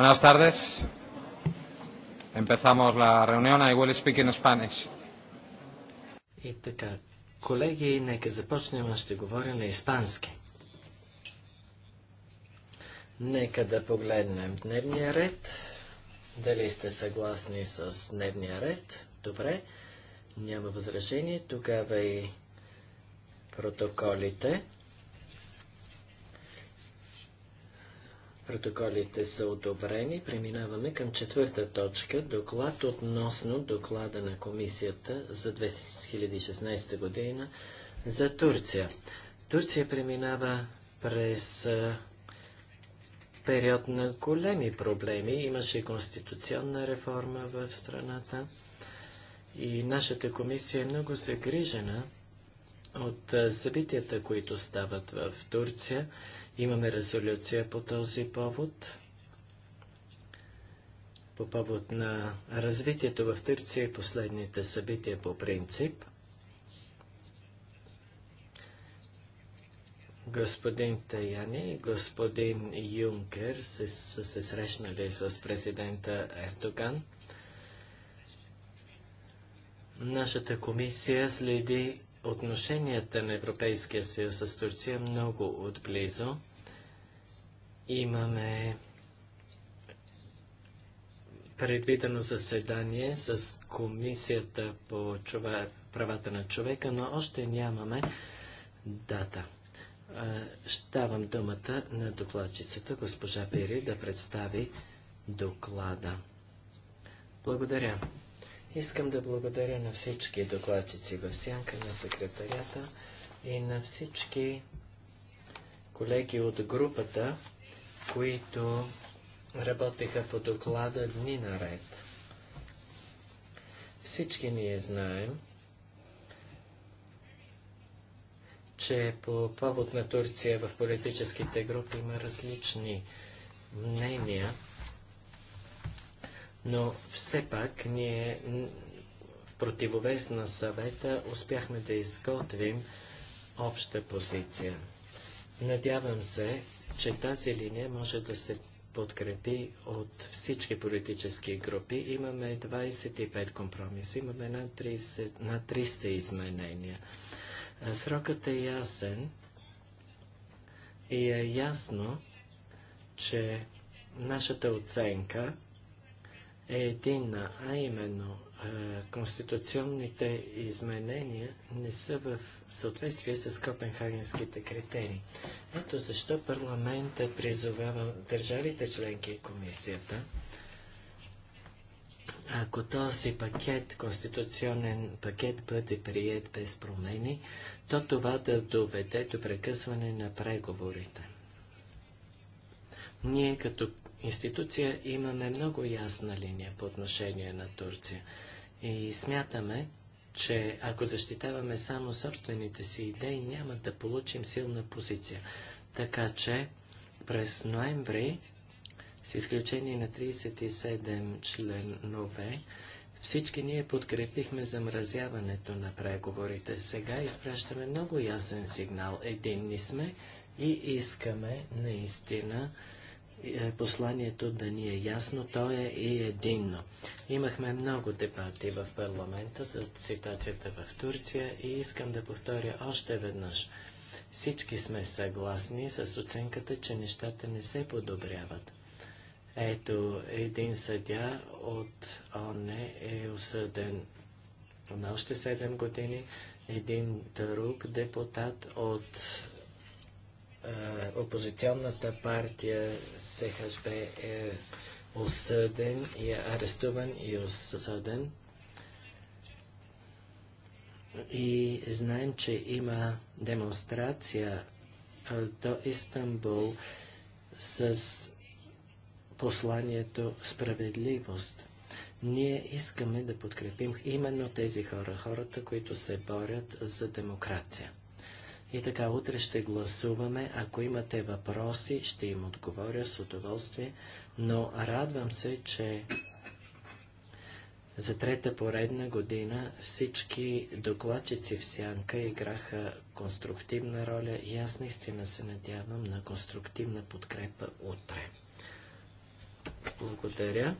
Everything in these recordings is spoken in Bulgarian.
Buenas tardes. Empezamos la reunión. I will speak in Spanish. И така, колеги, нека започнем. Ще говоря на испански. Нека да погледнем дневния ред. Дали сте съгласни с дневния ред? Добре. Няма възражение. Тогава и протоколите. Протоколите са одобрени. Преминаваме към четвърта точка. Доклад относно доклада на комисията за 2016 година за Турция. Турция преминава през период на големи проблеми. Имаше и конституционна реформа в страната и нашата комисия е много загрижена от събитията, които стават в Турция Имаме резолюция по този повод. По повод на развитието в Турция и последните събития по принцип. Господин Таяни и господин Юнкер се, са се срещнали с президента Ердоган. Нашата комисия следи отношенията на Европейския съюз с Турция е много отблизо. Имаме предвидено заседание с Комисията по чува... правата на човека, но още нямаме дата. Ще давам думата на докладчицата госпожа Пери да представи доклада. Благодаря. Искам да благодаря на всички докладчици в сянка, на секретарята и на всички колеги от групата, които работеха по доклада дни наред. Всички ние знаем, че по повод на Турция в политическите групи има различни мнения но все пак ние в противовес на съвета успяхме да изготвим обща позиция. Надявам се, че тази линия може да се подкрепи от всички политически групи. Имаме 25 компромиси, имаме на 30, на 300 изменения. Срокът е ясен и е ясно, че нашата оценка е единна, а именно конституционните изменения не са в съответствие с копенхагенските критерии. Ето защо парламентът призовава държавите членки и комисията, ако този пакет, конституционен пакет бъде прият без промени, то това да доведе до прекъсване на преговорите. Ние като институция имаме много ясна линия по отношение на Турция. И смятаме, че ако защитаваме само собствените си идеи, няма да получим силна позиция. Така че през ноември, с изключение на 37 членове, всички ние подкрепихме замразяването на преговорите. Сега изпращаме много ясен сигнал. Единни сме и искаме наистина е, посланието да ни е ясно, то е и единно. Имахме много дебати в парламента за ситуацията в Турция и искам да повторя още веднъж. Всички сме съгласни с оценката, че нещата не се подобряват. Ето, един съдя от ОНЕ е осъден на още 7 години, един друг депутат от опозиционната партия СХБ е осъден и е арестуван и осъден. И знаем, че има демонстрация до Истанбул с посланието справедливост. Ние искаме да подкрепим именно тези хора, хората, които се борят за демокрация. И така, утре ще гласуваме. Ако имате въпроси, ще им отговоря с удоволствие. Но радвам се, че за трета поредна година всички докладчици в Сянка играха конструктивна роля и аз наистина се надявам на конструктивна подкрепа утре. Благодаря.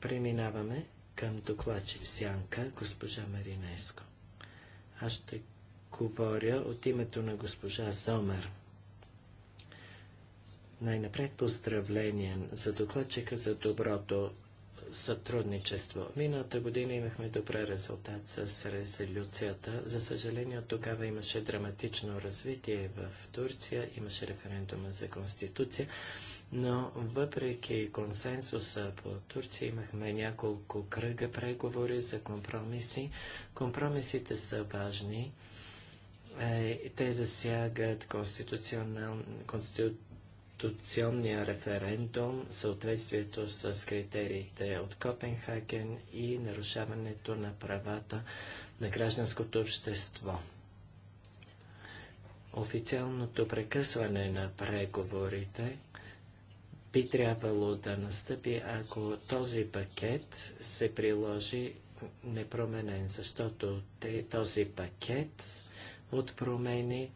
Преминаваме към докладчи в Сянка, госпожа Маринеско. Аз ще говоря от името на госпожа Зомер. Най-напред поздравление за докладчика за доброто сътрудничество. Миналата година имахме добра резултат с резолюцията. За съжаление, от тогава имаше драматично развитие в Турция, имаше референдума за конституция, но въпреки консенсуса по Турция имахме няколко кръга преговори за компромиси. Компромисите са важни е, те засягат конституционния референдум, съответствието с критериите от Копенхаген и нарушаването на правата на гражданското общество. Официалното прекъсване на преговорите би трябвало да настъпи, ако този пакет се приложи непроменен, защото този пакет от промени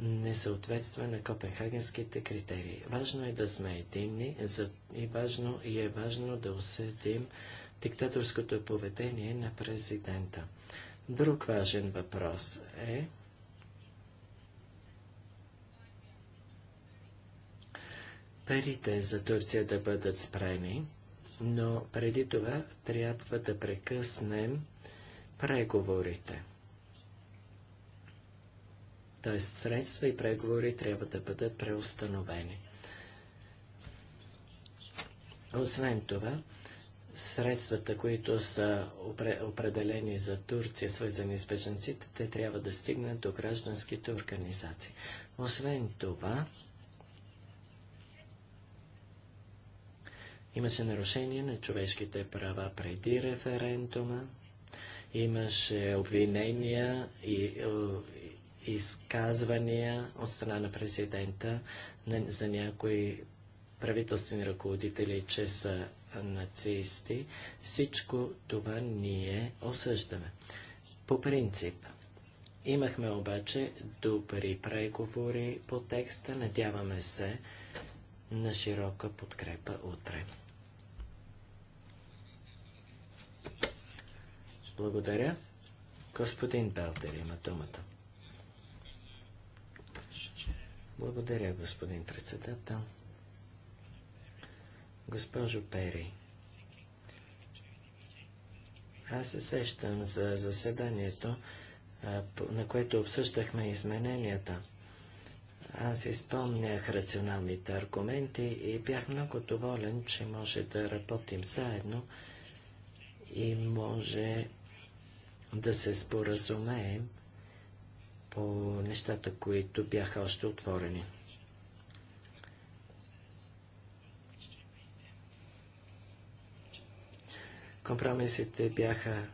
не съответства на копенхагенските критерии. Важно е да сме единни и, важно, и е важно да усетим диктаторското поведение на президента. Друг важен въпрос е парите за Турция да бъдат спрени, но преди това трябва да прекъснем преговорите т.е. средства и преговори трябва да бъдат преустановени. Освен това, средствата, които са определени за Турция, свързани с беженците, те трябва да стигнат до гражданските организации. Освен това, имаше нарушение на човешките права преди референдума, имаше обвинения и, изказвания от страна на президента за някои правителствени ръководители, че са нацисти. Всичко това ние осъждаме. По принцип, имахме обаче добри преговори по текста. Надяваме се на широка подкрепа утре. Благодаря. Господин Белтер има думата. Благодаря, господин председател. Госпожо Пери, аз се сещам за заседанието, на което обсъждахме измененията. Аз изпомнях рационалните аргументи и бях много доволен, че може да работим заедно и може да се споразумеем по нещата, които бяха още отворени. Компромисите бяха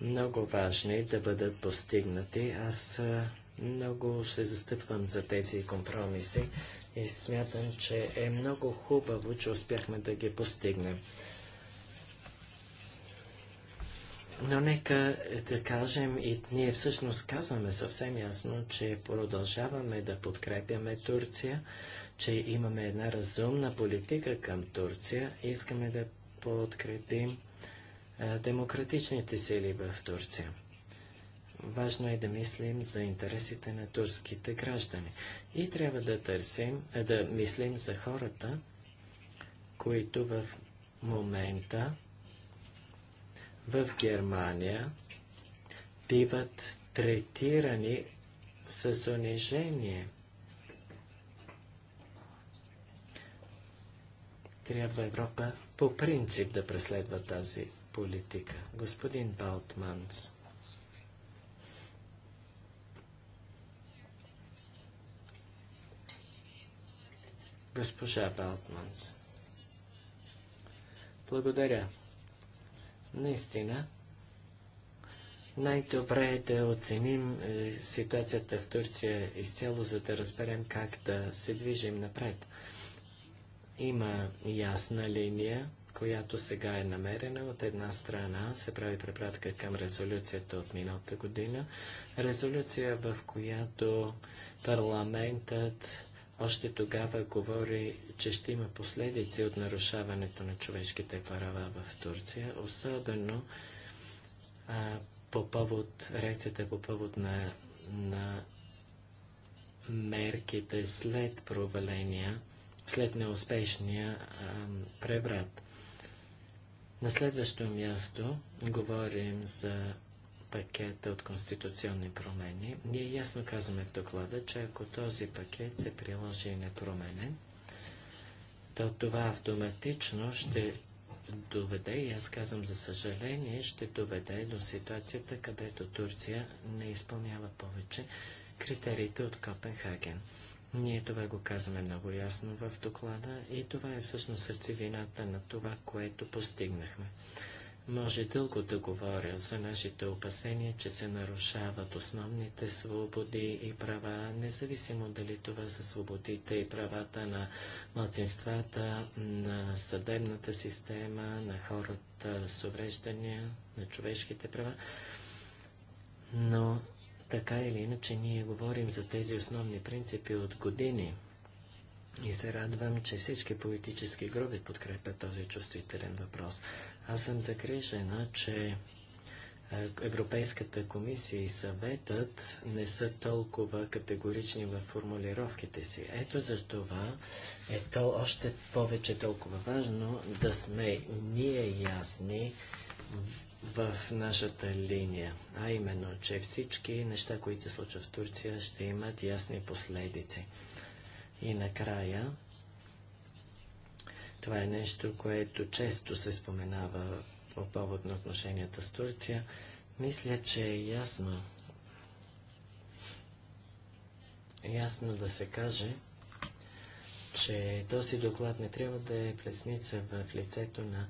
много важни да бъдат постигнати. Аз много се застъпвам за тези компромиси и смятам, че е много хубаво, че успяхме да ги постигнем. Но нека да кажем и ние всъщност казваме съвсем ясно, че продължаваме да подкрепяме Турция, че имаме една разумна политика към Турция. Искаме да подкрепим а, демократичните сили в Турция. Важно е да мислим за интересите на турските граждани. И трябва да търсим, да мислим за хората, които в момента в Германия биват третирани с унижение. Трябва Европа по принцип да преследва тази политика. Господин Балтманс. Госпожа Балтманс. Благодаря. Наистина, най-добре е да оценим е, ситуацията в Турция изцяло, за да разберем как да се движим напред. Има ясна линия, която сега е намерена. От една страна се прави препратка към резолюцията от миналата година. Резолюция, в която парламентът още тогава говори, че ще има последици от нарушаването на човешките права в Турция, особено а, по повод, реакцията по повод на, на мерките след проваления, след неуспешния а, преврат. На следващо място говорим за пакета от конституционни промени, ние ясно казваме в доклада, че ако този пакет се приложи непроменен, то това автоматично ще доведе, и аз казвам за съжаление, ще доведе до ситуацията, където Турция не изпълнява повече критериите от Копенхаген. Ние това го казваме много ясно в доклада и това е всъщност сърцевината на това, което постигнахме. Може дълго да говоря за нашите опасения, че се нарушават основните свободи и права, независимо дали това са свободите и правата на младсинствата, на съдебната система, на хората с увреждания, на човешките права. Но така или иначе ние говорим за тези основни принципи от години. И се радвам, че всички политически групи подкрепят този чувствителен въпрос. Аз съм загрижена, че е, Европейската комисия и съветът не са толкова категорични в формулировките си. Ето за това е то още повече толкова важно да сме ние ясни в нашата линия, а именно, че всички неща, които се случват в Турция, ще имат ясни последици. И накрая, това е нещо, което често се споменава по повод на отношенията с Турция. Мисля, че е ясно. Ясно да се каже, че този доклад не трябва да е плесница в лицето на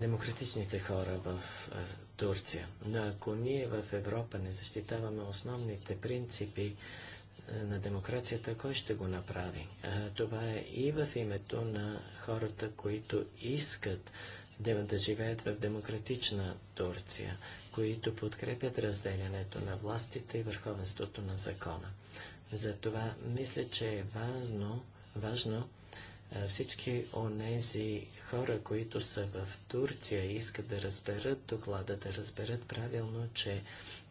демократичните хора в е, Турция. Но ако ние в Европа не защитаваме основните принципи на демокрацията, кой ще го направи? Това е и в името на хората, които искат да, да живеят в демократична Турция, които подкрепят разделянето на властите и върховенството на закона. Затова мисля, че е важно, важно е, всички онези хора, които са в Турция искат да разберат доклада, да разберат правилно, че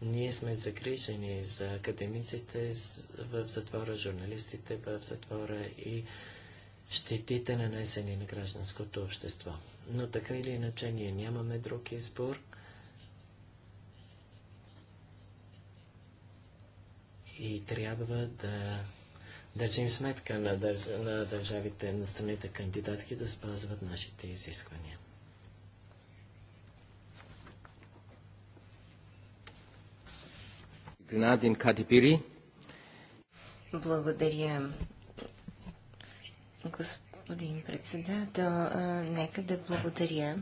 ние сме загрижени за академиците в затвора, журналистите в затвора и щетите нанесени на гражданското общество. Но така или иначе ние нямаме друг избор. И трябва да държим сметка на, държ... на държавите, на страните кандидатки да спазват нашите изисквания. Гнадин Кадипири. Благодаря, господин председател. Нека да благодаря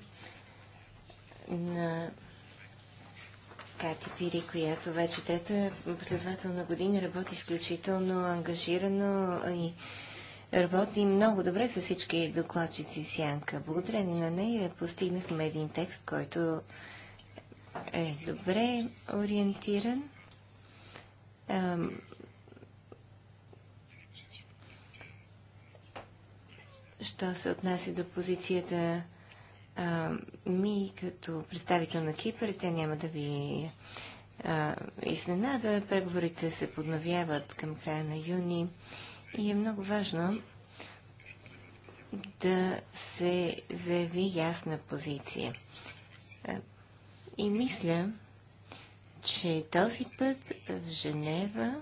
на Кати Пири, която вече трета последователна година работи изключително ангажирано и работи много добре с всички докладчици в Сянка. Благодарение на нея постигнахме един текст, който е добре ориентиран. Що се отнася до позицията а, ми като представител на Кипър, те няма да ви а, изненада. Преговорите се подновяват към края на юни и е много важно да се заяви ясна позиция. И мисля, че този път в Женева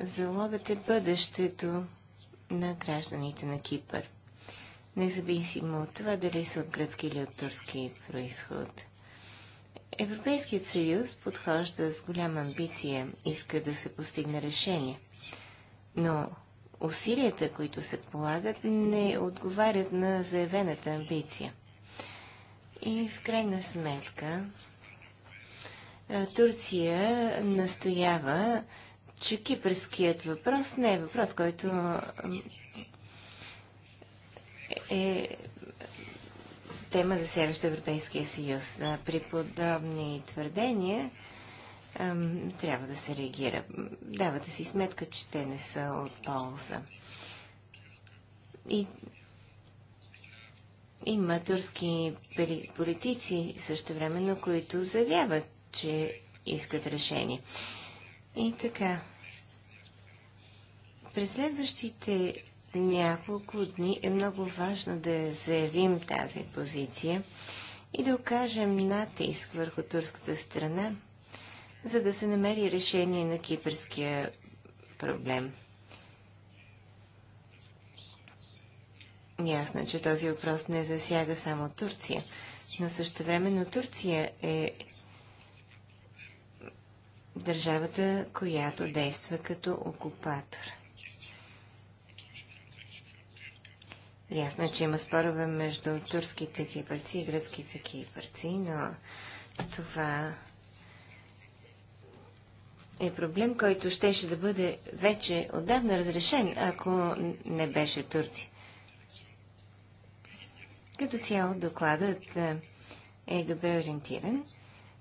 залогът е бъдещето на гражданите на Кипър независимо от това дали са от гръцки или от турски происход. Европейският съюз подхожда с голяма амбиция, иска да се постигне решение. Но усилията, които се полагат, не отговарят на заявената амбиция. И в крайна сметка Турция настоява, че кипърският въпрос не е въпрос, който е тема за засягаща Европейския съюз. При подобни твърдения трябва да се реагира. Давате си сметка, че те не са от полза. И има турски политици също време, на които заявяват, че искат решение. И така. През следващите няколко дни е много важно да заявим тази позиция и да окажем натиск върху турската страна, за да се намери решение на кипърския проблем. Ясно, е, че този въпрос не засяга само Турция, но също времено Турция е държавата, която действа като окупатор. Ясно е, че има спорове между турските кипърци и гръцките кипърци, но това е проблем, който щеше да бъде вече отдавна разрешен, ако не беше турци. Като цяло докладът е, е добре ориентиран,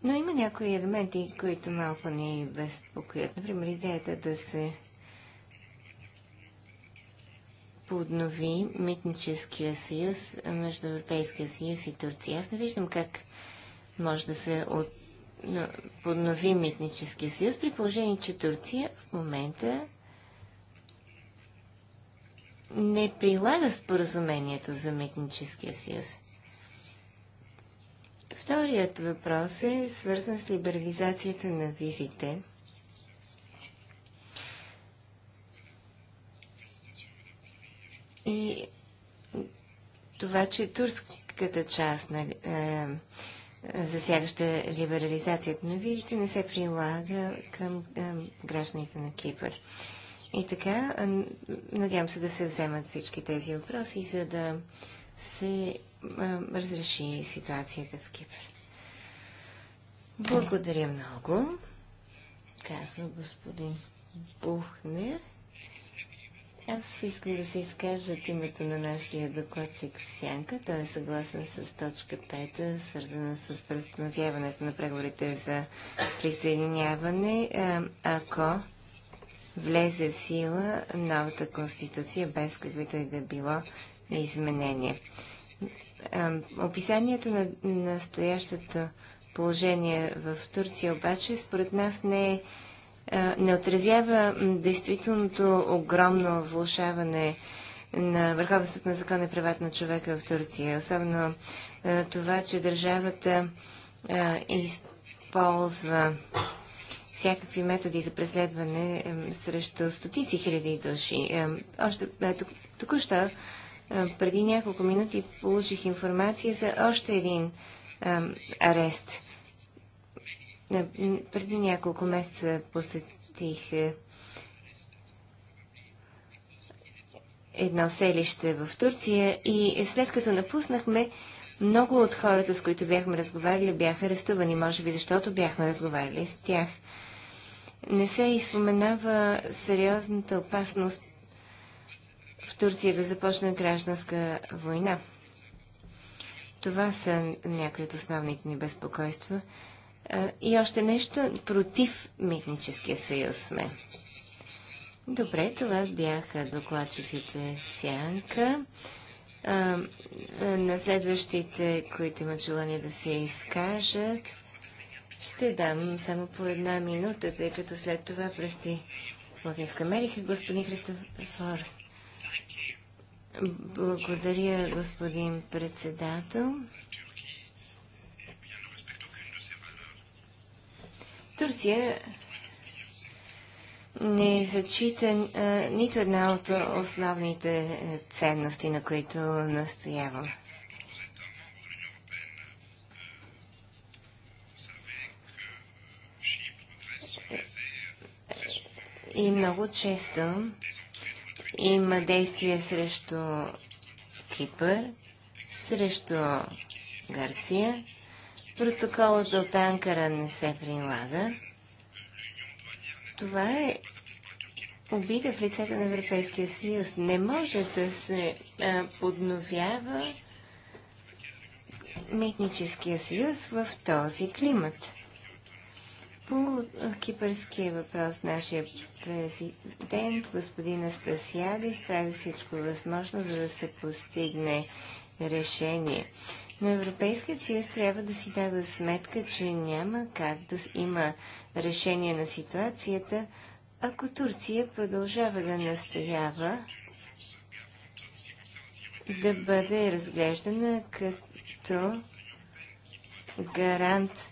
но има някои елементи, които малко ни безпокоят. Например, идеята да се поднови митническия съюз между Европейския съюз и Турция. Аз не виждам как може да се от... поднови митническия съюз, при положение, че Турция в момента не прилага споразумението за митническия съюз. Вторият въпрос е свързан с либерализацията на визите – и това, че турската част на нали, е, засягаща либерализацията на визите не се прилага към е, гражданите на Кипър. И така, надявам се да се вземат всички тези въпроси, за да се е, разреши ситуацията в Кипър. Благодаря много, казва господин Бухнер. Аз искам да се изкажа от името на нашия докладчик Сянка. Той е съгласен с точка 5, свързана с преустановяването на преговорите за присъединяване, ако влезе в сила новата конституция без каквито и да било изменения. Описанието на настоящото положение в Турция обаче според нас не е е, не отразява действителното огромно влушаване на върховенството на закона и правата на човека в Турция. Особено е, това, че държавата е, използва всякакви методи за преследване срещу стотици хиляди души. Още току-що, преди няколко минути, получих информация за още един арест преди няколко месеца посетих е, едно селище в Турция и след като напуснахме, много от хората, с които бяхме разговаряли, бяха арестувани, може би защото бяхме разговаряли с тях. Не се изпоменава сериозната опасност в Турция да започне гражданска война. Това са някои от основните ни безпокойства. И още нещо против Митническия съюз сме. Добре, това бяха докладчиците Сянка. на следващите, които имат желание да се изкажат, ще дам само по една минута, тъй като след това прести Латинска Америка, господин Христофор. Благодаря, господин председател. Турция не зачита а, нито една от основните е, ценности, на които настоява. И много често има действия срещу Кипър, срещу Гърция, Протоколът от Анкара не се прилага. Това е обида в лицето на Европейския съюз. Не може да се а, подновява митническия съюз в този климат. По кипърския въпрос нашия президент, господин Астасиада, изправи всичко възможно, за да се постигне решение. Но Европейският съюз трябва да си дава сметка, че няма как да има решение на ситуацията, ако Турция продължава да настоява да бъде разглеждана като гарант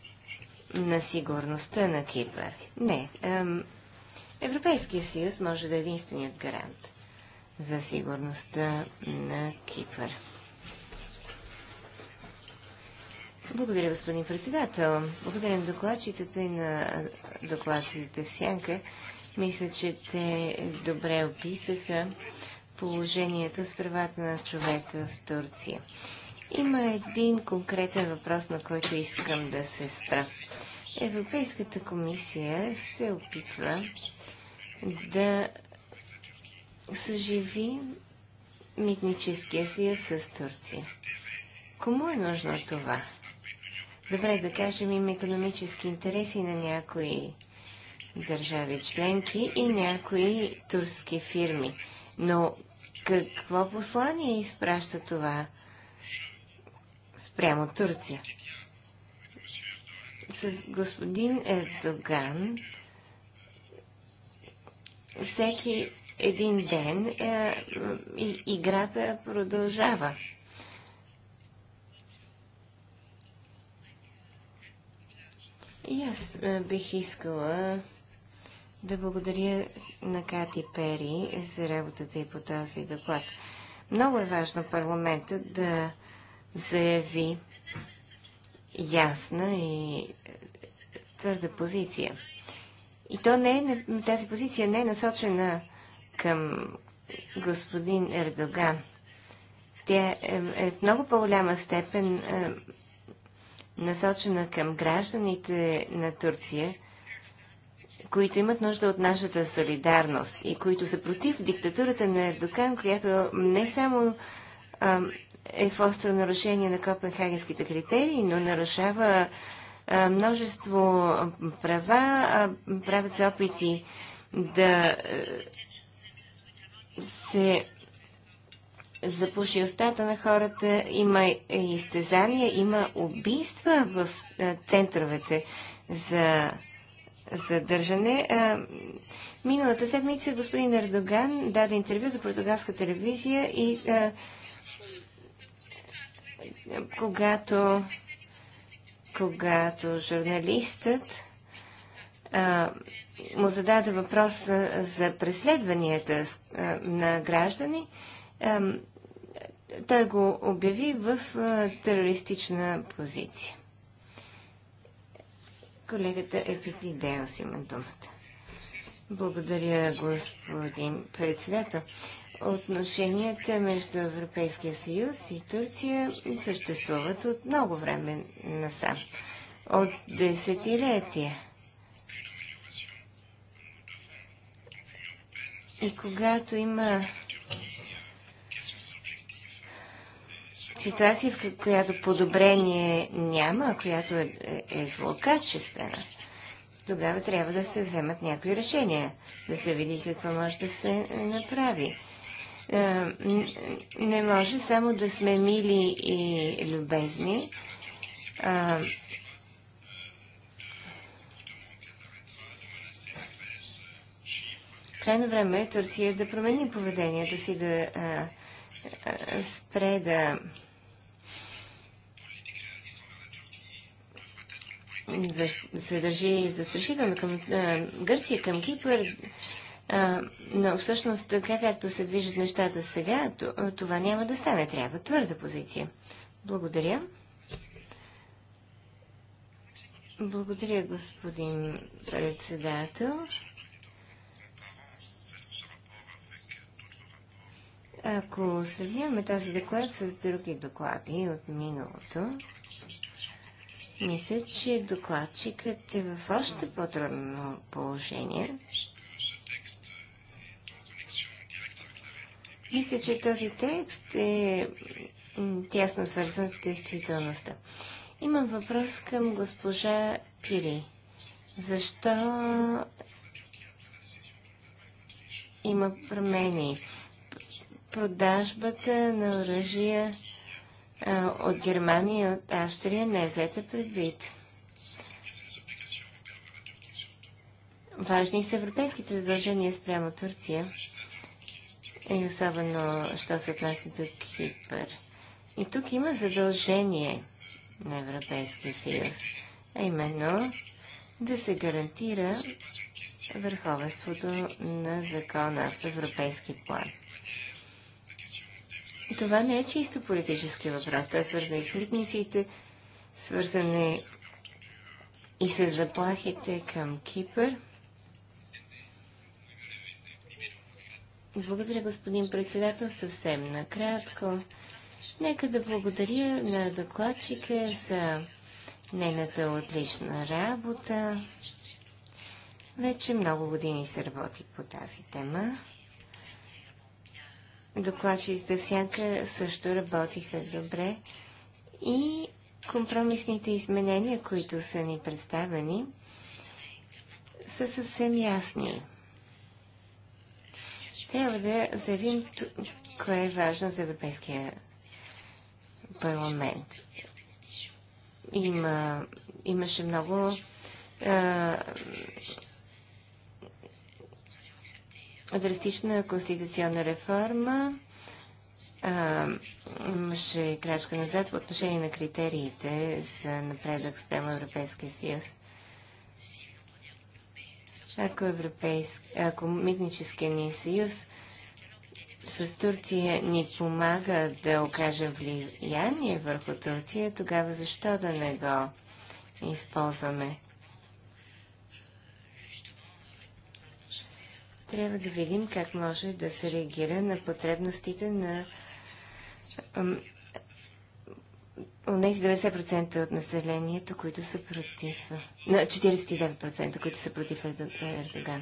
на сигурността на Кипър. Не. Ем, Европейския съюз може да е единственият гарант за сигурността на Кипър. Благодаря, господин председател. Благодаря на докладчицата и на докладчицата Сянка. Мисля, че те добре описаха положението с правата на човека в Турция. Има един конкретен въпрос, на който искам да се спра. Европейската комисия се опитва да съживи митническия съюз с Турция. Кому е нужно това? добре да кажем им економически интереси на някои държави членки и някои турски фирми. Но какво послание изпраща това спрямо Турция? С господин Ердоган всеки един ден е, и, играта продължава. И аз е, бих искала да благодаря на Кати Пери за работата и по този доклад. Много е важно парламента да заяви ясна и е, твърда позиция. И то не е, тази позиция не е насочена към господин Ердоган. Тя е, е в много по-голяма степен насочена към гражданите на Турция, които имат нужда от нашата солидарност и които са против диктатурата на Ердокан, която не само а, е в остро нарушение на копенхагенските критерии, но нарушава а, множество права, а, правят се опити да се запуши устата на хората, има изтезания, има убийства в центровете за задържане. Миналата седмица господин Ердоган даде интервю за португалска телевизия и когато, когато журналистът му зададе въпрос за преследванията на граждани, той го обяви в терористична позиция. Колегата Епитидеос има думата. Благодаря, господин председател. Отношенията между Европейския съюз и Турция съществуват от много време насам. От десетилетия. И когато има ситуация, в която подобрение няма, а която е, е, е злокачествена, тогава трябва да се вземат някои решения, да се види какво може да се е, направи. Е, не може само да сме мили и любезни. Крайно време е Турция да промени поведението си, да спре да се държи застрашително към Гърция, към Кипър, но всъщност така както се движат нещата сега, това няма да стане. Трябва твърда позиция. Благодаря. Благодаря, господин председател. Ако сравняваме този доклад с други доклади от миналото, мисля, че докладчикът е в още по-трудно положение. Мисля, че този текст е тясно свързан с действителността. Имам въпрос към госпожа Пири. Защо има промени? Продажбата на оръжия от Германия и от Австрия не е взета предвид. Важни са европейските задължения спрямо Турция и особено, що се отнася до Кипър. И тук има задължение на Европейския съюз, а именно да се гарантира върховенството на закона в европейски план това не е чисто политически въпрос. Той е свързан и с митниците, свързан е и с заплахите към Кипър. Благодаря, господин председател, съвсем накратко. Нека да благодаря на докладчика за нейната отлична работа. Вече много години се работи по тази тема докладчиците сянка също работиха добре и компромисните изменения, които са ни представени, са съвсем ясни. Трябва да заявим кое е важно за Европейския парламент. Има, имаше много а, драстична конституционна реформа. имаше крачка назад по отношение на критериите за напредък спрямо Европейския съюз. Ако, ако митническия ни съюз с Турция ни помага да окажем влияние върху Турция, тогава защо да не го използваме? трябва да видим как може да се реагира на потребностите на тези 90% от населението, които са против... На 49%, които са против е, Ердоган.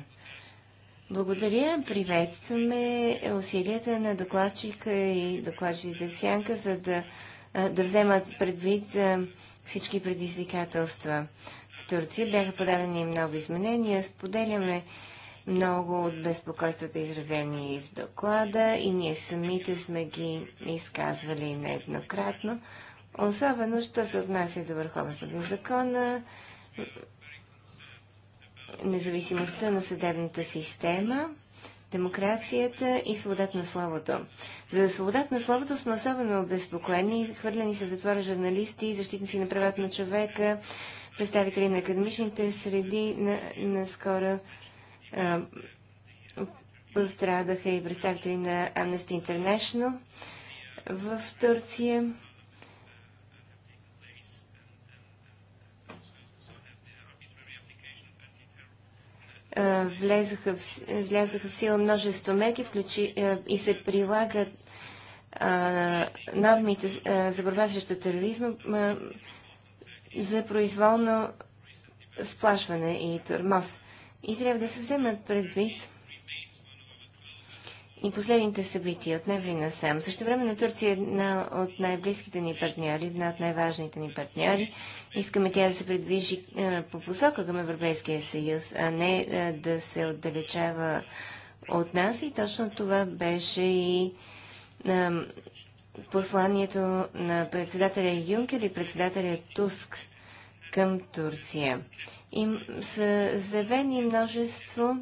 Благодаря. Приветстваме усилията на докладчика и докладчите в Сянка, за да, да вземат предвид всички предизвикателства. В Турция бяха подадени много изменения. Споделяме много от безпокойствата изразени и в доклада и ние самите сме ги изказвали нееднократно, особено, що се отнася до върховенството на закона, независимостта на съдебната система, демокрацията и свободата на словото. За свободата на словото сме особено обезпокоени. Хвърлени са в затвора журналисти, защитници на правата на човека, представители на академичните среди, на, наскоро е, пострадаха и представители на Amnesty International в Турция. Е, влезаха в, влязаха в сила множество меки, включи, е, и се прилагат а, нормите а, за борба срещу тероризма а, за произволно сплашване и тормоз и трябва да се вземат предвид и последните събития от на сам. Също време на Турция е една от най-близките ни партньори, една от най-важните ни партньори. Искаме тя да се придвижи е, по посока към Европейския съюз, а не е, да се отдалечава от нас. И точно това беше и е, посланието на председателя Юнкер и председателя Туск към Турция им са заведени множество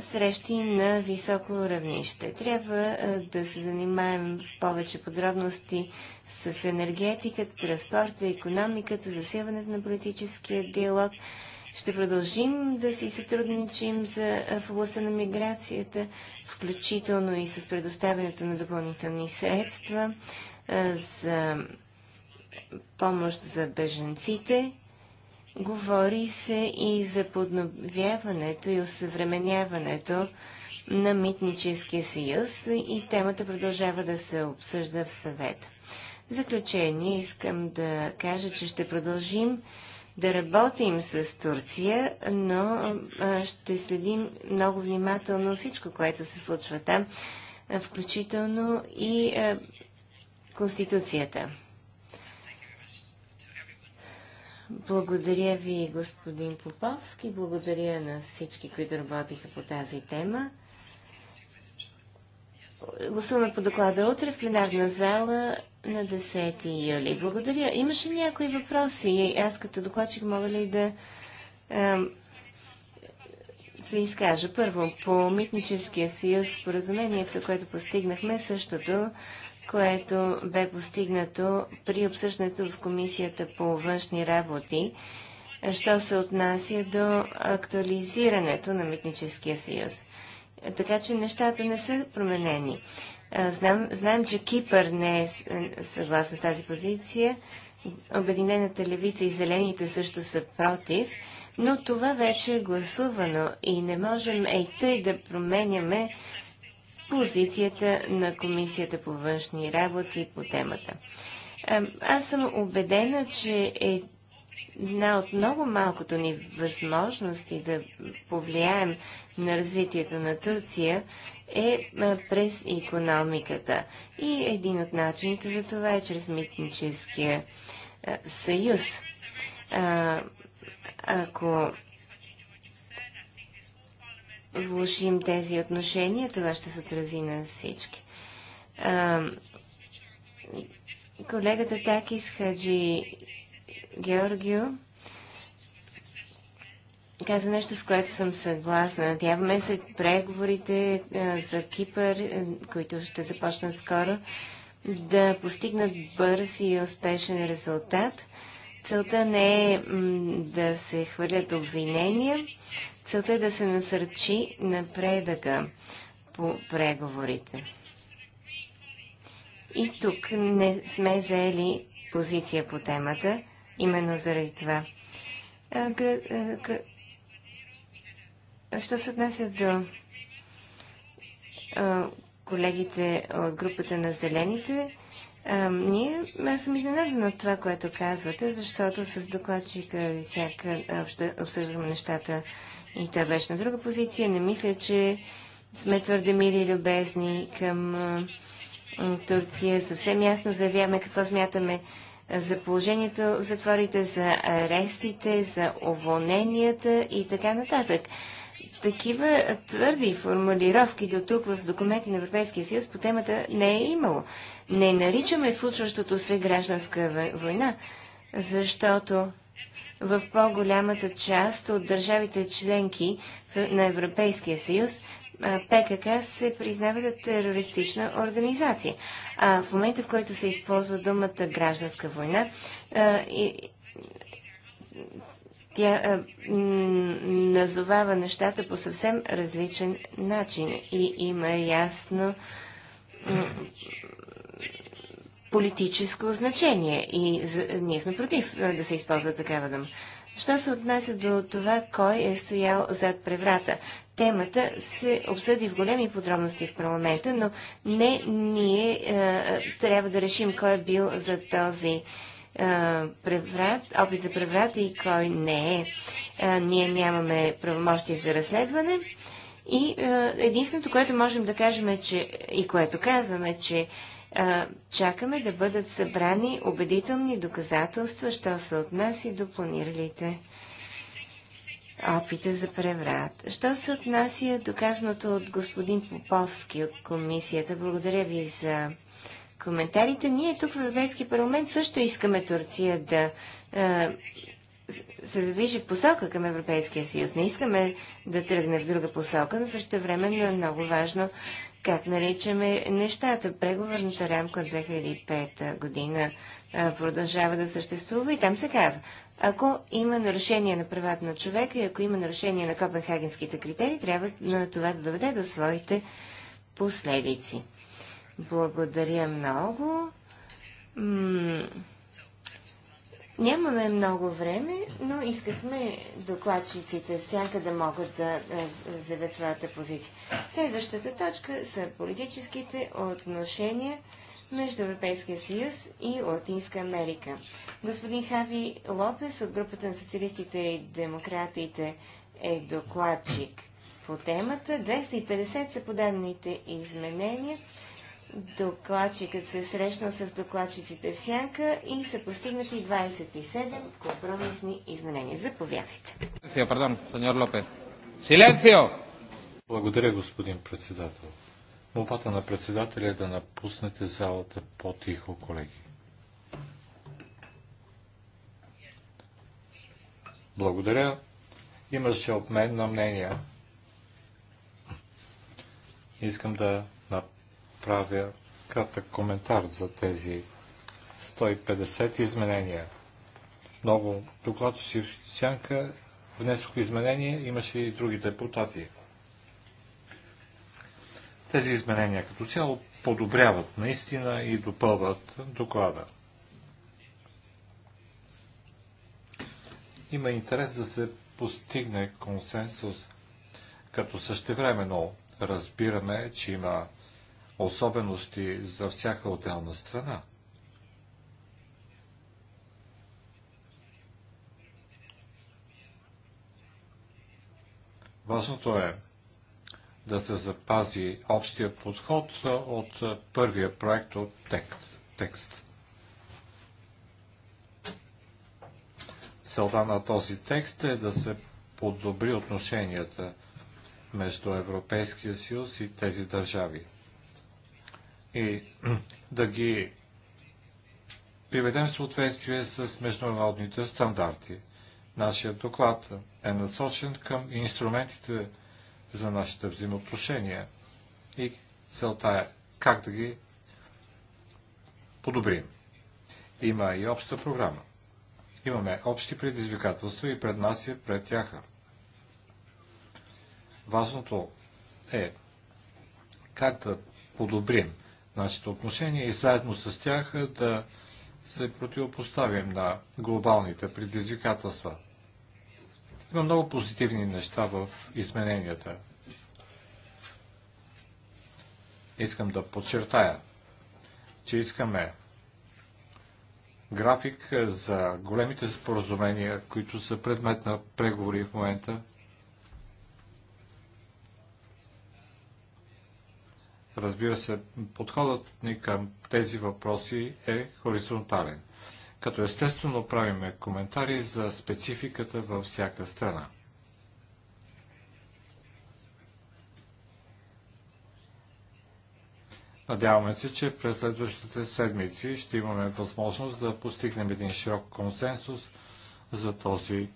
срещи на високо равнище. Трябва да се занимаем в повече подробности с енергетиката, транспорта, економиката, засилването на политическия диалог. Ще продължим да си сътрудничим за, в областта на миграцията, включително и с предоставянето на допълнителни средства за помощ за беженците Говори се и за подновяването и осъвременяването на Митническия съюз и темата продължава да се обсъжда в съвета. В заключение искам да кажа, че ще продължим да работим с Турция, но ще следим много внимателно всичко, което се случва там, включително и Конституцията. Благодаря ви, господин Поповски. Благодаря на всички, които работиха по тази тема. Гласуваме по доклада утре в пленарна зала на 10 юли. Благодаря. Имаше някои въпроси. Аз като докладчик мога ли да се изкажа? Първо, по Митническия съюз споразумението, което постигнахме, същото което бе постигнато при обсъждането в Комисията по външни работи, що се отнася до актуализирането на Митническия съюз. Така че нещата не са променени. Знам, знаем, че Кипър не е съгласна с тази позиция. Обединената левица и зелените също са против, но това вече е гласувано и не можем ей тъй да променяме позицията на Комисията по външни работи по темата. Аз съм убедена, че е една от много малкото ни възможности да повлияем на развитието на Турция е през економиката. И един от начините за това е чрез митническия съюз. ако влушим тези отношения, това ще се отрази на всички. А, колегата Такис Хаджи Георгио каза нещо, с което съм съгласна. Надяваме се преговорите за Кипър, които ще започнат скоро, да постигнат бърз и успешен резултат – Целта не е да се хвърлят обвинения, целта е да се насърчи напредъка по преговорите. И тук не сме заели позиция по темата, именно заради това. Що се отнася до колегите от групата на зелените, а, ние, аз съм изненадан от това, което казвате, защото с докладчика всяка обсъждаме нещата и той беше на друга позиция. Не мисля, че сме твърде мили любезни към а, Турция. Съвсем ясно заявяваме какво смятаме за положението в затворите, за арестите, за уволненията и така нататък такива твърди формулировки до тук в документи на Европейския съюз по темата не е имало. Не наричаме случващото се гражданска война, защото в по-голямата част от държавите членки на Европейския съюз ПКК се признава за терористична организация. А в момента, в който се използва думата гражданска война, тя а, е, назовава нещата по съвсем различен начин и има ясно политическо значение и за, ние сме против е, да се използва такава дума. Що се отнася до това, кой е стоял зад преврата? Темата се обсъди в големи подробности в парламента, но не ние а, е, трябва да решим кой е бил за този преврат, опит за преврат и кой не е. ние нямаме правомощие за разследване. И единственото, което можем да кажем е, че, и което казваме, че чакаме да бъдат събрани убедителни доказателства, що се отнася до планиралите опита за преврат. Що се отнася казаното от господин Поповски от комисията? Благодаря ви за коментарите. Ние тук в Европейския парламент също искаме Турция да се движи в посока към Европейския съюз. Не искаме да тръгне в друга посока, но също време е много важно как наричаме нещата. Преговорната рамка от 2005 година продължава да съществува и там се казва, ако има нарушение на правата на човека и ако има нарушение на копенхагенските критерии, трябва на това да доведе до своите последици. Благодаря много. М Нямаме много време, но искахме докладчиците всяка да могат да, заведат заявят своята позиция. Следващата точка са политическите отношения между Европейския съюз и Латинска Америка. Господин Хави Лопес от групата на социалистите и демократите е докладчик по темата. 250 са подадените изменения докладчикът се е срещнал с докладчиците в сянка и са постигнати 27 компромисни изменения. Заповядайте. Благодаря, господин председател. Молбата на председателя е да напуснете залата по-тихо, колеги. Благодаря. Имаше обмен на мнения. Искам да правя кратък коментар за тези 150 изменения. Много докладчици в сянка внесох изменения, имаше и други депутати. Тези изменения като цяло подобряват наистина и допълват доклада. Има интерес да се постигне консенсус, като същевременно разбираме, че има особености за всяка отделна страна. Важното е да се запази общия подход от първия проект от текст. Целта на този текст е да се подобри отношенията между Европейския съюз и тези държави и да ги приведем в съответствие с международните стандарти. Нашият доклад е насочен към инструментите за нашите взаимоотношения и целта е как да ги подобрим. Има и обща програма. Имаме общи предизвикателства и пред нас е пред тях. Важното е как да подобрим нашите отношения и заедно с тях е, да се противопоставим на глобалните предизвикателства. Има много позитивни неща в измененията. Искам да подчертая, че искаме график е, за големите споразумения, които са предмет на преговори в момента, Разбира се, подходът ни към тези въпроси е хоризонтален, като естествено правиме коментари за спецификата във всяка страна. Надяваме се, че през следващите седмици ще имаме възможност да постигнем един широк консенсус за този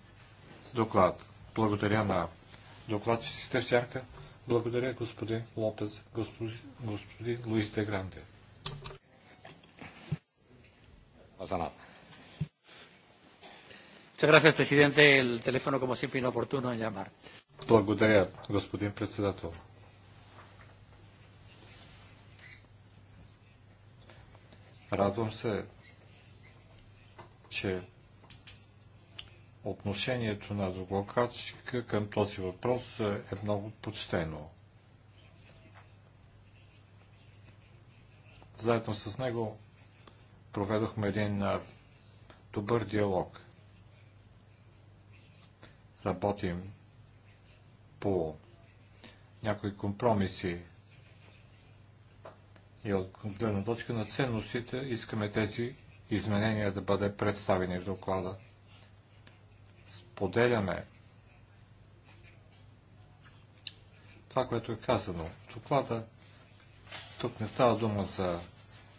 доклад. Благодаря на докладчиците в сянка. Благодаря, господин Лопес, господин, господин Луис де Гранде. Благодаря, господин председател. Радвам се, че отношението на адвокатчика към този въпрос е много почтено. Заедно с него проведохме един добър диалог. Работим по някои компромиси и от гледна точка на ценностите искаме тези изменения да бъде представени в доклада. Споделяме това, което е казано в доклада. Тук не става дума за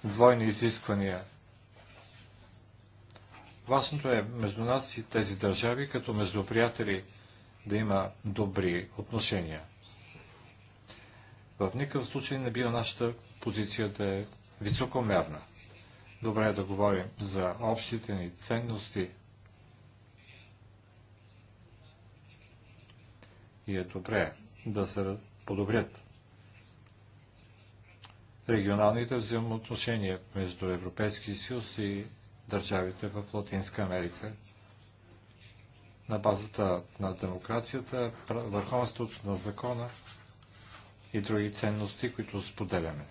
двойни изисквания. Важното е между нас и тези държави, като между приятели, да има добри отношения. В никакъв случай не бива нашата позиция да е високомерна. Добре е да говорим за общите ни ценности – и е добре да се подобрят регионалните взаимоотношения между Европейския съюз и държавите в Латинска Америка на базата на демокрацията, върховенството на закона и други ценности, които споделяме.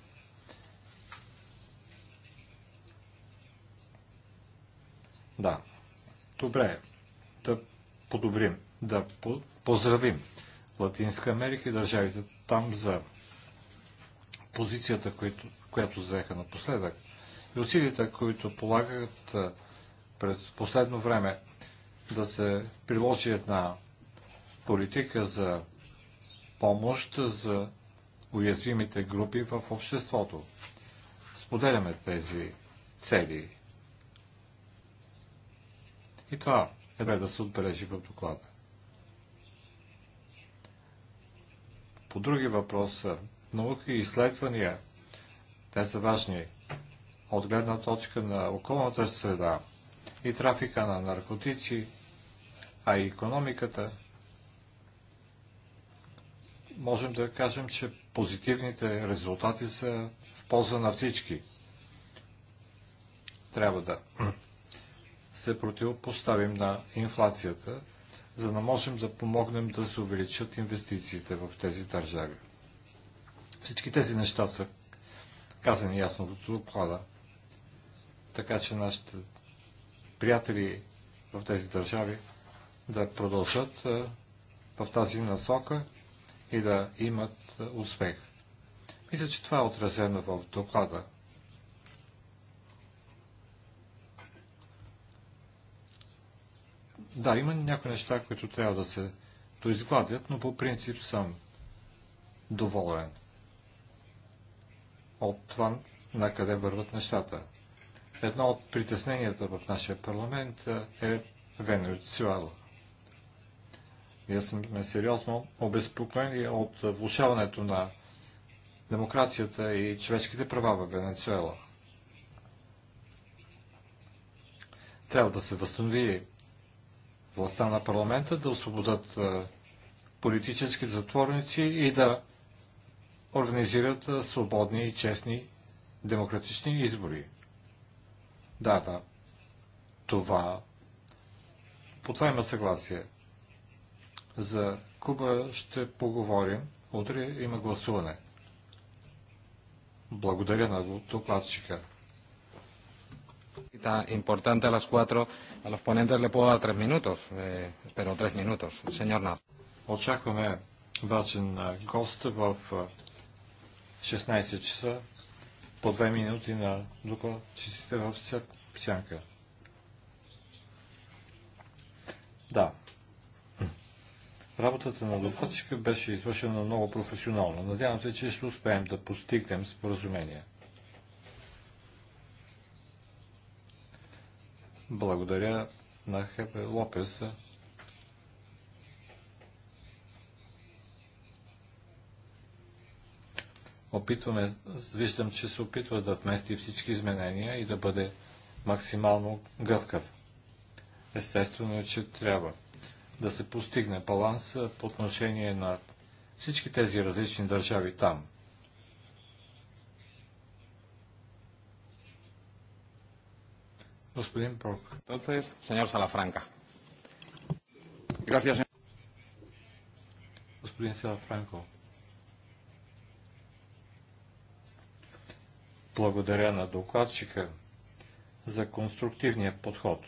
Да, добре е да подобрим, да поздравим Латинска Америка и държавите там за позицията, която, която заеха напоследък и усилията, които полагат пред последно време да се приложи една политика за помощ за уязвимите групи в обществото. Споделяме тези цели. И това е да се отбележи в доклада. По други въпроса, науки и изследвания, те са важни от гледна точка на околната среда и трафика на наркотици, а и економиката. Можем да кажем, че позитивните резултати са в полза на всички. Трябва да се противопоставим на инфлацията за да можем да помогнем да се увеличат инвестициите в тези държави. Всички тези неща са казани ясно до доклада. Така че нашите приятели в тези държави да продължат е, в тази насока и да имат е, успех. Мисля, че това е отразено в доклада. Да, има някои неща, които трябва да се доизгладят, но по принцип съм доволен от това, на къде върват нещата. Едно от притесненията в нашия парламент е, е Венецуела. Ние сме сериозно обезпокоени от влушаването на демокрацията и човешките права в Венецуела. Трябва да се възстанови властта на парламента да освободят е, политически затворници и да организират е, свободни и честни демократични избори. Да, да. Това. По това има съгласие. За Куба ще поговорим. Утре има гласуване. Благодаря на докладчика cita importante a las cuatro. A los ponentes le puedo dar tres minutos, eh, pero tres minutos. Señor Nar. Очакваме важен гост в 16 часа по две минути на докладчиците в сянка. Да. Работата на докладчика беше извършена много професионално. Надявам се, че ще успеем да постигнем споразумение. Благодаря на Хепе Лопес. Опитваме, виждам, че се опитва да вмести всички изменения и да бъде максимално гъвкав. Естествено е, че трябва да се постигне баланс по отношение на всички тези различни държави там – Господин Прок. Entonces, señor Салафранка. Gracias, Господин Салафранко. Благодаря на докладчика за конструктивния подход.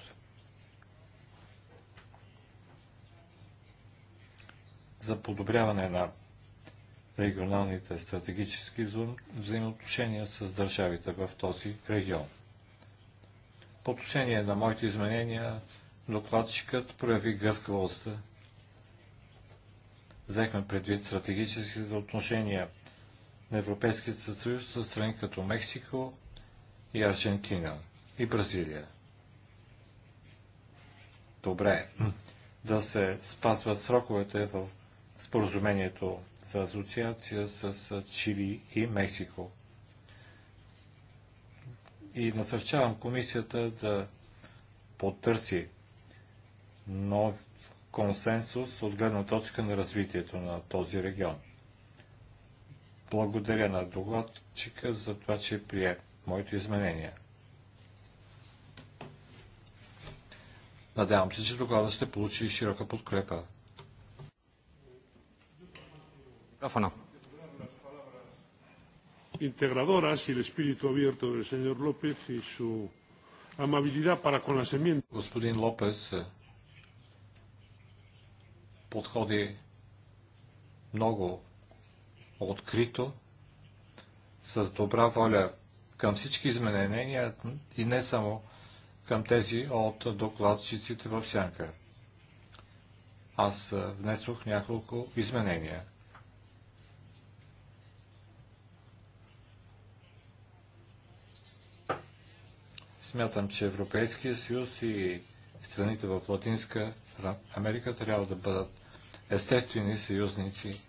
за подобряване на регионалните стратегически взаимоотношения с държавите в този регион. По отношение на моите изменения, докладчикът прояви гъвкавост. Взехме предвид стратегическите отношения на Европейския съюз с страни като Мексико и Аржентина и Бразилия. Добре, да се спазват сроковете в споразумението за асоциация с Чили и Мексико и насърчавам комисията да потърси нов консенсус от гледна точка на развитието на този регион. Благодаря на докладчика за това, че прие моето изменение. Надявам се, че тогава ще получи широка подкрепа integradoras y el espíritu abierto del señor López y su amabilidad para con las enmiendas. Господин Лопес е, подходи много открито, с добра воля към всички изменения и не само към тези от докладчиците в сянка. Аз е, внесох няколко изменения Смятам, че Европейския съюз и страните в Латинска Америка трябва да бъдат естествени съюзници.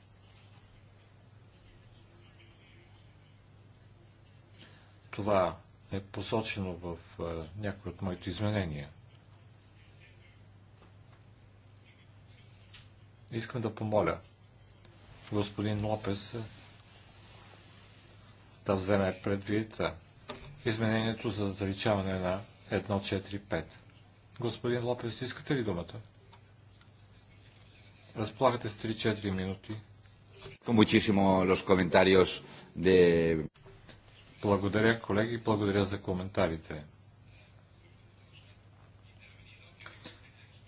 Това е посочено в някои от моите изменения. Искам да помоля господин Лопес да вземе предвид изменението за заличаване на 1.4.5. Господин Лопес, искате ли думата? Разполагате с 3-4 минути. Благодаря, колеги, благодаря за коментарите.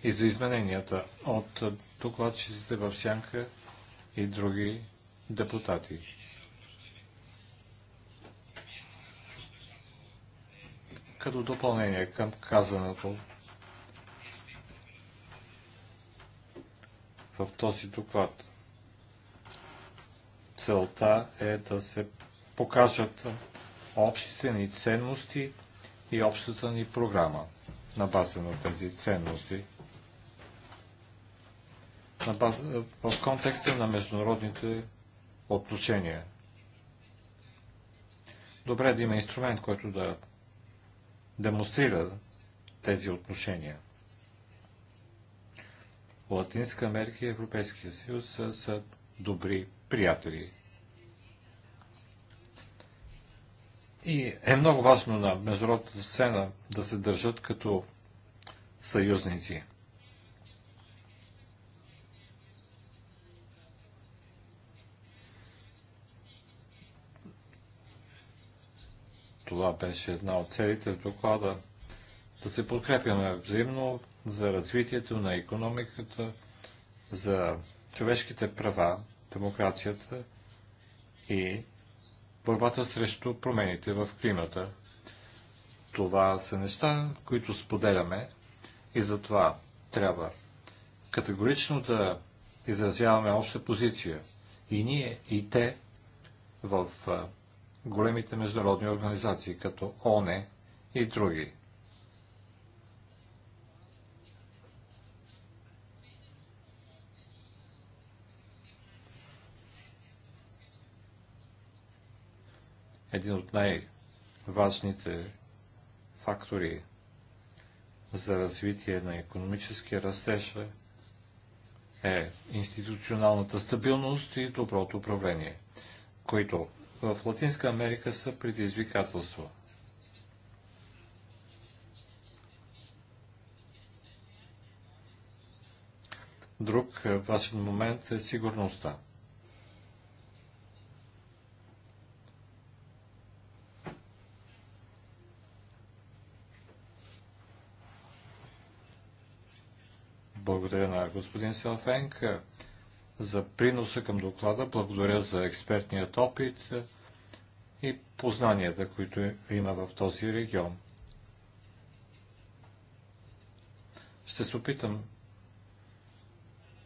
И за измененията от докладчиците в Сянка и други депутати. като допълнение към казаното в този доклад. Целта е да се покажат общите ни ценности и общата ни програма на база на тези ценности. На база, в контекста на международните отношения. Добре да има инструмент, който да демонстрира тези отношения. Латинска Америка и Европейския съюз са, са добри приятели. И е много важно на международната сцена да се държат като съюзници. Това беше една от целите в доклада да се подкрепяме взаимно за развитието на економиката, за човешките права, демокрацията и борбата срещу промените в климата. Това са неща, които споделяме и затова трябва категорично да изразяваме обща позиция. И ние, и те в големите международни организации, като ОНЕ и други. Един от най-важните фактори за развитие на економическия растеж е институционалната стабилност и доброто управление, които в Латинска Америка са предизвикателства. Друг е, важен момент е сигурността. Благодаря на господин Селфенк за приноса към доклада. Благодаря за експертният опит и познанията, които има в този регион. Ще се опитам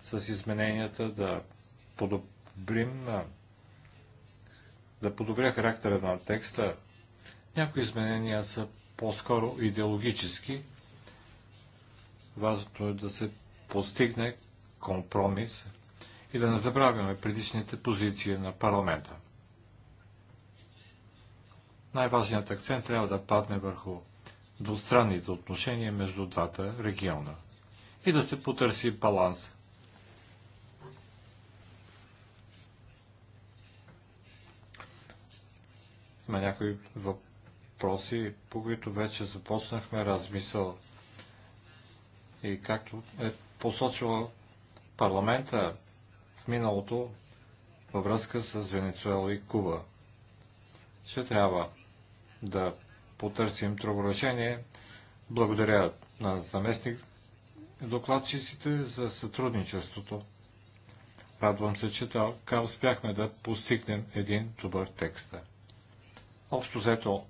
с измененията да подобрим, да подобря характера на текста. Някои изменения са по-скоро идеологически. Важното е да се постигне компромис, и да не забравяме предишните позиции на парламента. Най-важният акцент трябва да падне върху двустранните отношения между двата региона и да се потърси баланс. Има някои въпроси, по които вече започнахме размисъл. И както е посочила парламента, миналото във връзка с Венецуела и Куба. Ще трябва да потърсим друго решение. Благодаря на заместник докладчиците за сътрудничеството. Радвам се, че така успяхме да постигнем един добър текст. Общо взето,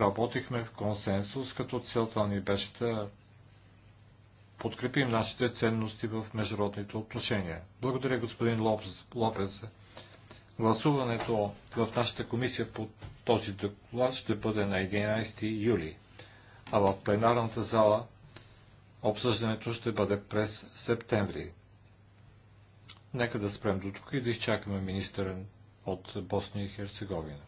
работихме в консенсус, като целта ни беше да подкрепим нашите ценности в международните отношения. Благодаря, господин Лопес. Гласуването в нашата комисия по този доклад ще бъде на 11 юли, а в пленарната зала обсъждането ще бъде през септември. Нека да спрем до тук и да изчакаме министъра от Босния и Херцеговина.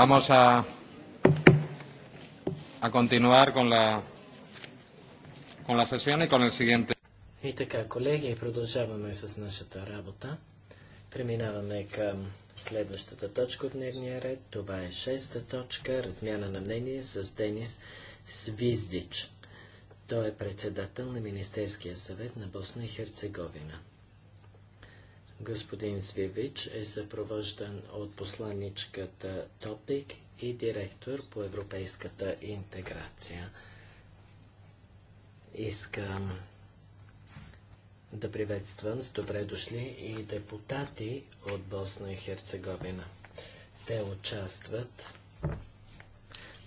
Vamos a, a continuar con la, con la sesión y con el siguiente. И така, колеги, продължаваме с нашата работа. Преминаваме към следващата точка от дневния ред. Това е шеста точка. Размяна на мнение с Денис Свиздич. Той е председател на Министерския съвет на Босна и Херцеговина господин Свивич е съпровождан от посланничката Топик и директор по европейската интеграция. Искам да приветствам с добре дошли и депутати от Босна и Херцеговина. Те участват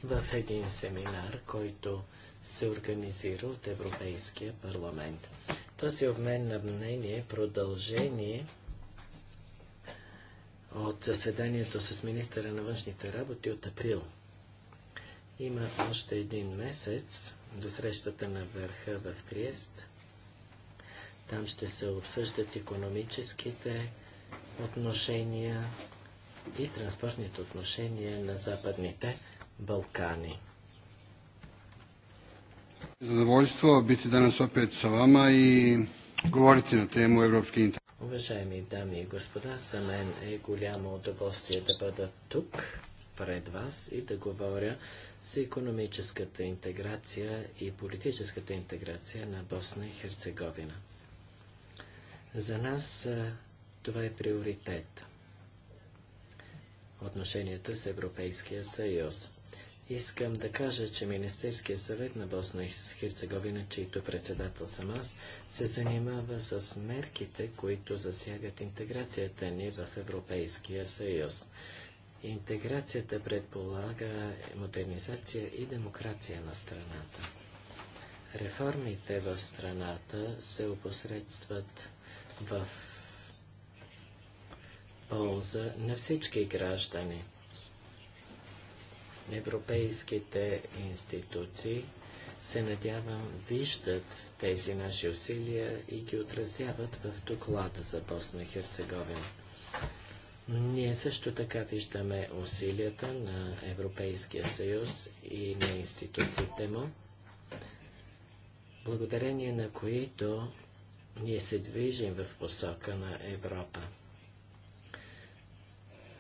в един семинар, който се организира от Европейския парламент. Този обмен на мнение е продължение от заседанието с министъра на външните работи от април. Има още един месец до срещата на върха в Триест. Там ще се обсъждат економическите отношения и транспортните отношения на Западните Балкани. Задоволство biti опет са вама и говорите на тему Европейски интерес. Уважаеми дами и господа, за мен е голямо удоволствие да бъда тук пред вас и да говоря за економическата интеграция и политическата интеграция на Босна и Херцеговина. За нас това е приоритет. Отношенията с Европейския съюз – Искам да кажа, че Министерския съвет на Босна и Херцеговина, чийто председател съм аз, се занимава с мерките, които засягат интеграцията ни в Европейския съюз. Интеграцията предполага модернизация и демокрация на страната. Реформите в страната се опосредстват в полза на всички граждани. Европейските институции се надявам виждат тези наши усилия и ги отразяват в доклада за Босна и Херцеговина. Ние също така виждаме усилията на Европейския съюз и на институциите му, благодарение на които ние се движим в посока на Европа.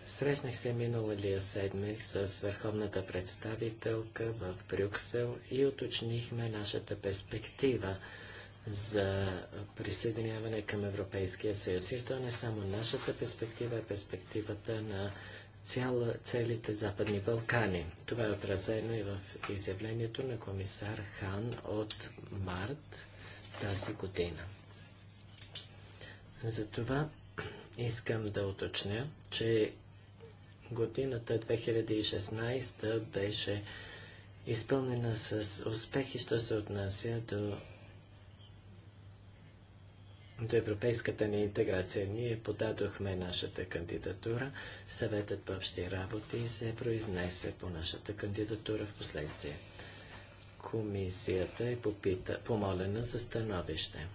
Срещнах се миналия седми с върховната представителка в Брюксел и уточнихме нашата перспектива за присъединяване към Европейския съюз. И то не само нашата перспектива, а перспективата на цяло, целите Западни Балкани. Това е отразено и в изявлението на комисар Хан от март тази година. Затова искам да уточня, че годината 2016 беше изпълнена с успехи, що се отнася до, до европейската ни интеграция. Ние подадохме нашата кандидатура, съветът по общи работи се произнесе по нашата кандидатура в последствие. Комисията е попита, помолена за становище.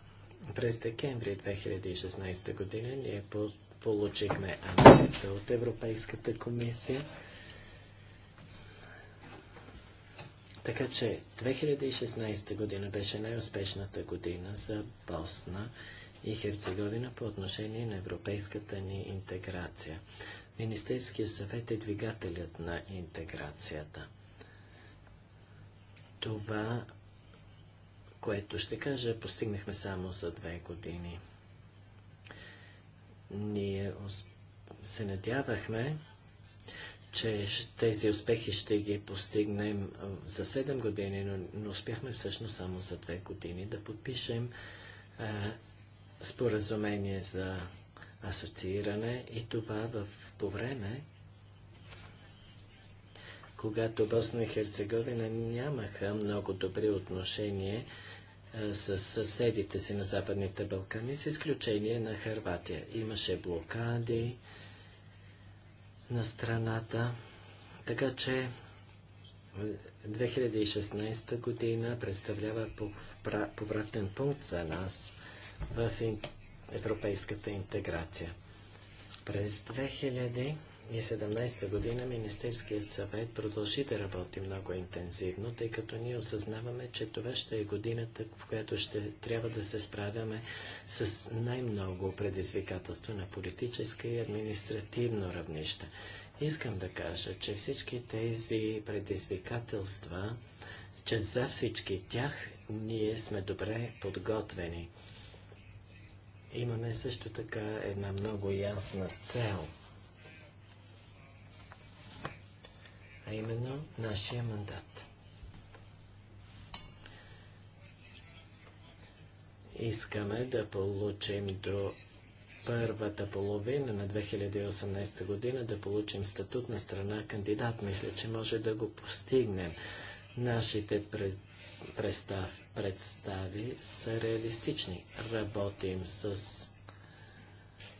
През декември 2016 година ние под Получихме анкета от Европейската комисия. Така че 2016 година беше най-успешната година за Босна и Херцеговина по отношение на европейската ни интеграция. Министерския съвет е двигателят на интеграцията. Това, което ще кажа, постигнахме само за две години. Ние се надявахме, че тези успехи ще ги постигнем за 7 години, но, но успяхме всъщност само за 2 години да подпишем а, споразумение за асоцииране и това в, по време, когато Босна и Херцеговина нямаха много добри отношения с съседите си на Западните Балкани, с изключение на Харватия. Имаше блокади на страната, така че 2016 година представлява повратен пункт за нас в европейската интеграция. През 2000 2017 година Министерският съвет продължи да работи много интензивно, тъй като ние осъзнаваме, че това ще е годината, в която ще трябва да се справяме с най-много предизвикателства на политическа и административно равнище. Искам да кажа, че всички тези предизвикателства, че за всички тях ние сме добре подготвени. Имаме също така една много ясна цел – а именно нашия мандат. Искаме да получим до първата половина на 2018 година да получим статут на страна кандидат. Мисля, че може да го постигнем. Нашите представ, представи са реалистични. Работим с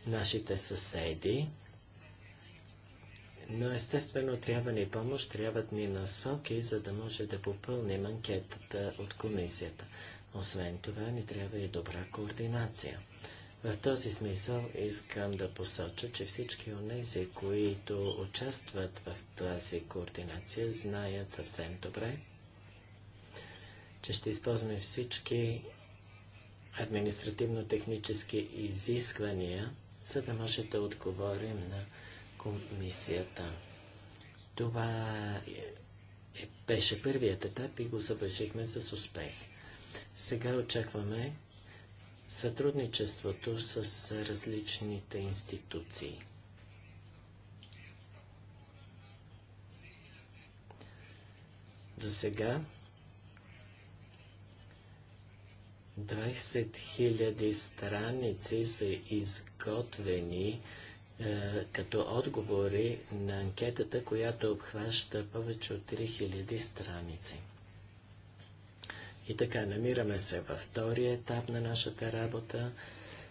нашите съседи но естествено трябва ни помощ, трябват ни насоки, за да може да попълним анкетата от комисията. Освен това, ни трябва и добра координация. В този смисъл искам да посоча, че всички онези, които участват в тази координация, знаят съвсем добре, че ще използваме всички административно-технически изисквания, за да може да отговорим на комисията. Това е, е, беше първият етап и го завършихме с успех. Сега очакваме сътрудничеството с различните институции. До сега 20 000 страници са изготвени е, като отговори на анкетата, която обхваща повече от 3000 страници. И така, намираме се във втория етап на нашата работа.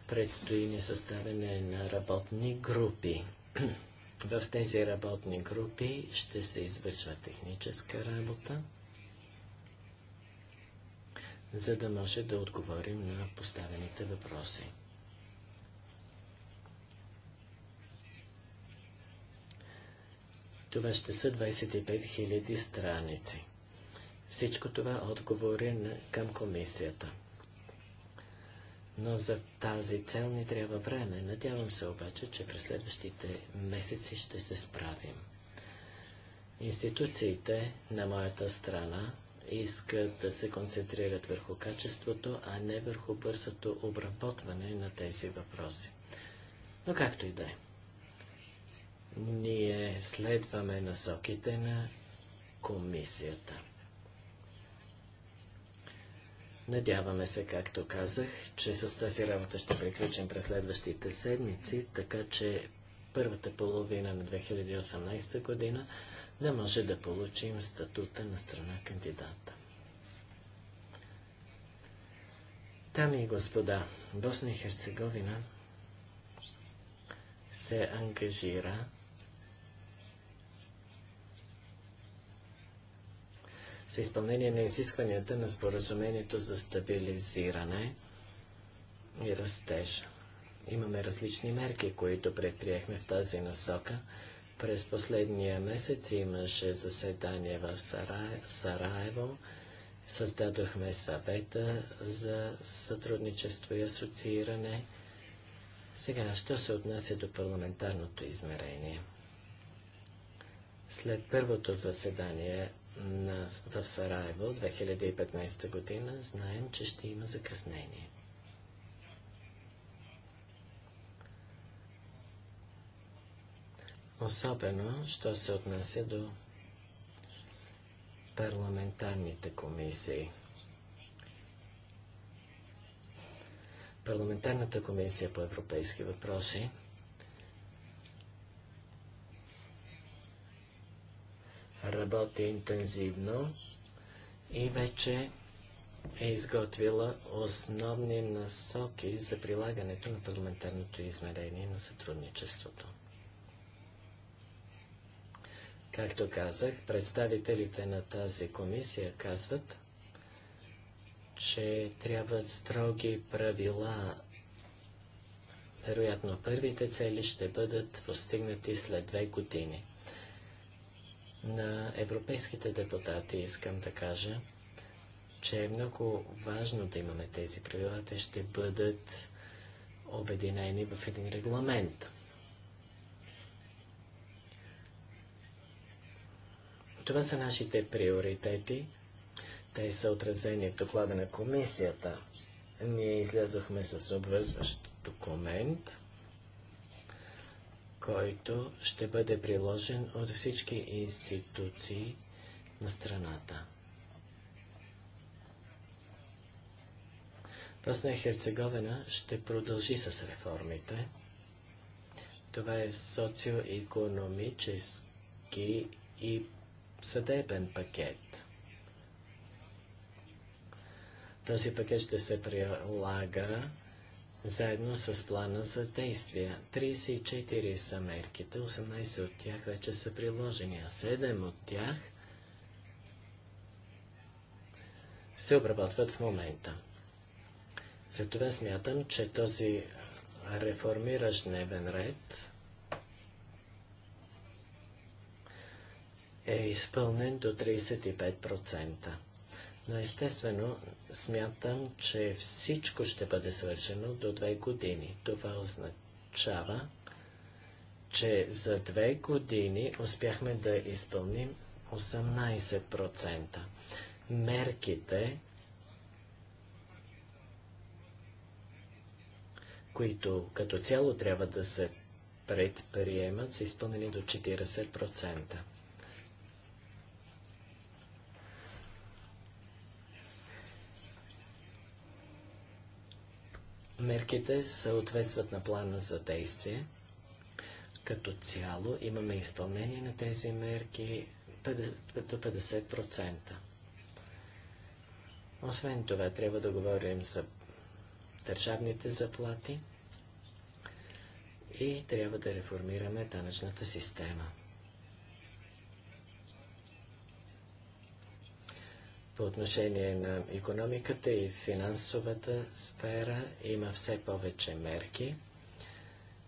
Предстои ни съставяне на работни групи. В тези работни групи ще се извършва техническа работа, за да може да отговорим на поставените въпроси. Това ще са 25 000 страници. Всичко това е отговори към комисията. Но за тази цел ни трябва време. Надявам се обаче, че през следващите месеци ще се справим. Институциите на моята страна искат да се концентрират върху качеството, а не върху бързото обработване на тези въпроси. Но както и да е. Ние следваме насоките на комисията. Надяваме се, както казах, че с тази работа ще приключим през следващите седмици, така че първата половина на 2018 година да може да получим статута на страна кандидата. Дами и господа, Босна и Херцеговина се ангажира за изпълнение на изискванията на споразумението за стабилизиране и растеж. Имаме различни мерки, които предприехме в тази насока. През последния месец имаше заседание в Сараево. Създадохме съвета за сътрудничество и асоцииране. Сега, що се отнася до парламентарното измерение? След първото заседание на, в Сараево 2015 година, знаем, че ще има закъснение. Особено, що се отнася до парламентарните комисии. Парламентарната комисия по европейски въпроси – работи интензивно и вече е изготвила основни насоки за прилагането на парламентарното измерение на сътрудничеството. Както казах, представителите на тази комисия казват, че трябват строги правила. Вероятно, първите цели ще бъдат постигнати след две години. На европейските депутати искам да кажа, че е много важно да имаме тези правила. Те ще бъдат обединени в един регламент. Това са нашите приоритети. Те са отразени в доклада на комисията. Ние излязохме с обвързващ документ – който ще бъде приложен от всички институции на страната. Босна и Херцеговина ще продължи с реформите. Това е социо-економически и съдебен пакет. Този пакет ще се прилага заедно с плана за действия. 34 са мерките, 18 от тях вече са приложени, а 7 от тях се обработват в момента. Затова смятам, че този реформираш дневен ред е изпълнен до 35%. Но естествено, смятам, че всичко ще бъде свършено до две години. Това означава, че за две години успяхме да изпълним 18%. Мерките, които като цяло трябва да се предприемат, са изпълнени до 40%. Мерките съответстват на плана за действие. Като цяло имаме изпълнение на тези мерки до 50%. Освен това, трябва да говорим за държавните заплати и трябва да реформираме данъчната система. по отношение на економиката и финансовата сфера има все повече мерки.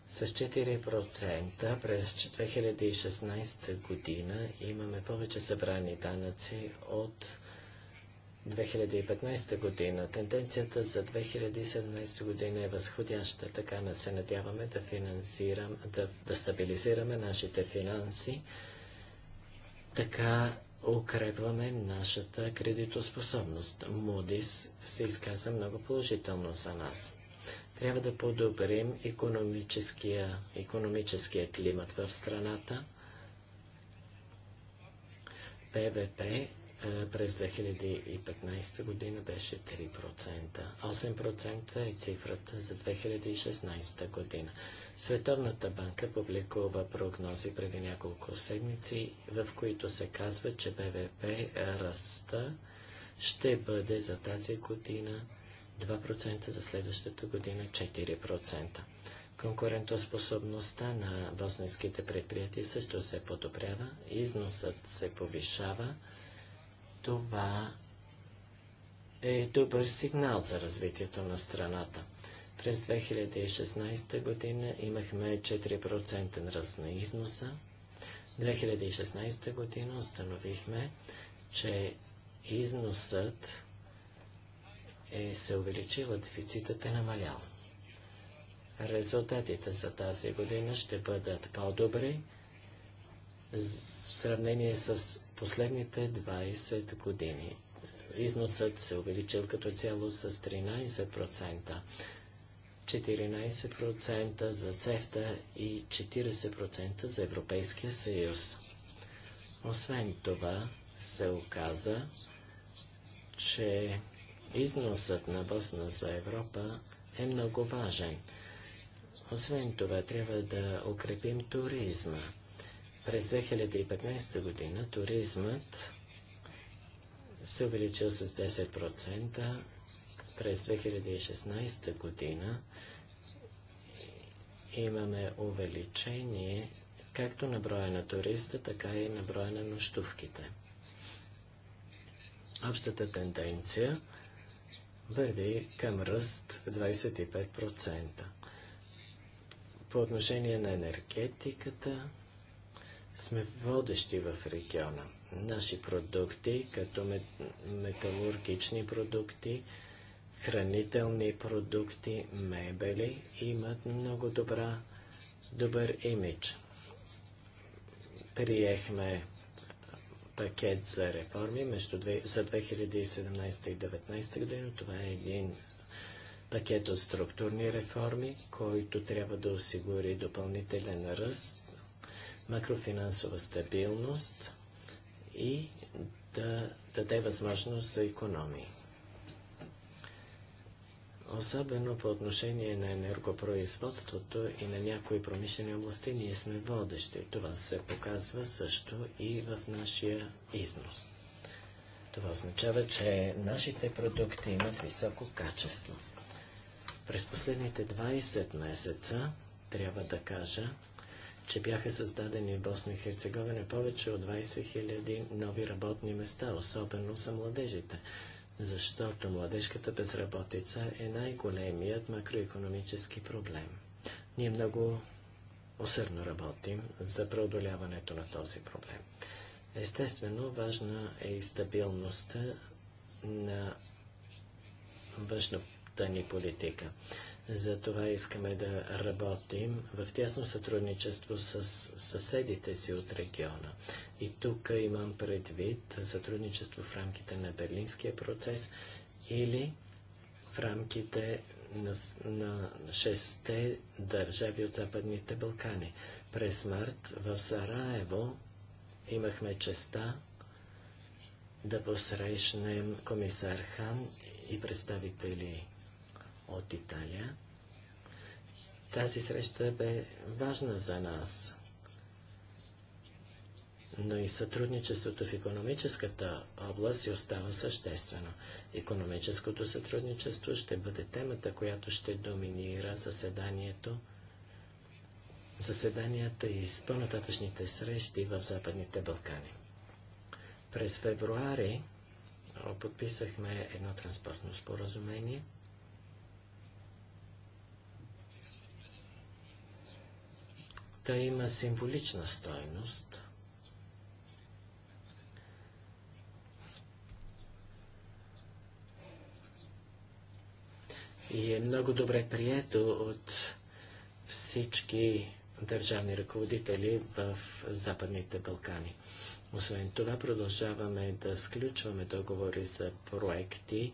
С 4% през 2016 година имаме повече събрани данъци от 2015 година. Тенденцията за 2017 година е възходяща. Така не се надяваме да, финансирам, да, да стабилизираме нашите финанси. Така укрепваме нашата кредитоспособност. Модис се изказа много положително за нас. Трябва да подобрим економическия, економическия климат в страната. ПВП през 2015 година беше 3%. 8% е цифрата за 2016 година. Световната банка публикува прогнози преди няколко седмици, в които се казва, че БВП ръста ще бъде за тази година 2%, за следващата година 4%. Конкурентоспособността на босненските предприятия също се подобрява, износът се повишава, това е добър сигнал за развитието на страната. През 2016 година имахме 4% ръст на износа. 2016 година установихме, че износът е се увеличил, а дефицитът е намалял. Резултатите за тази година ще бъдат по-добри в сравнение с последните 20 години. Износът се увеличил като цяло с 13%, 14% за ЦЕФТА и 40% за Европейския съюз. Освен това, се оказа, че износът на Босна за Европа е много важен. Освен това, трябва да укрепим туризма. През 2015 година туризмът се увеличил с 10%. През 2016 година имаме увеличение както на броя на туриста, така и на броя на нощувките. Общата тенденция върви към ръст 25%. По отношение на енергетиката, сме водещи в региона. Наши продукти, като металургични продукти, хранителни продукти, мебели, имат много добра, добър имидж. Приехме пакет за реформи между, за 2017 и 2019 година. Това е един пакет от структурни реформи, който трябва да осигури допълнителен ръст макрофинансова стабилност и да даде възможност за економии. Особено по отношение на енергопроизводството и на някои промишлени области ние сме водещи. Това се показва също и в нашия износ. Това означава, че нашите продукти имат високо качество. През последните 20 месеца, трябва да кажа, че бяха създадени в Босна и Херцеговина повече от 20 000 нови работни места, особено за младежите, защото младежката безработица е най-големият макроекономически проблем. Ние много усърдно работим за преодоляването на този проблем. Естествено, важна е и стабилността на външната ни политика. За това искаме да работим в тясно сътрудничество с съседите си от региона. И тук имам предвид сътрудничество в рамките на Берлинския процес или в рамките на, на шесте държави от Западните Балкани. През март в Сараево имахме честа да посрещнем комисар Хан и представители от Италия. Тази среща бе важна за нас, но и сътрудничеството в економическата област си остава съществено. Економическото сътрудничество ще бъде темата, която ще доминира заседанието заседанията и с по-нататъчните срещи в Западните Балкани. През февруари подписахме едно транспортно споразумение – Той има символична стойност. И е много добре прието от всички държавни ръководители в Западните Балкани. Освен това, продължаваме да сключваме договори за проекти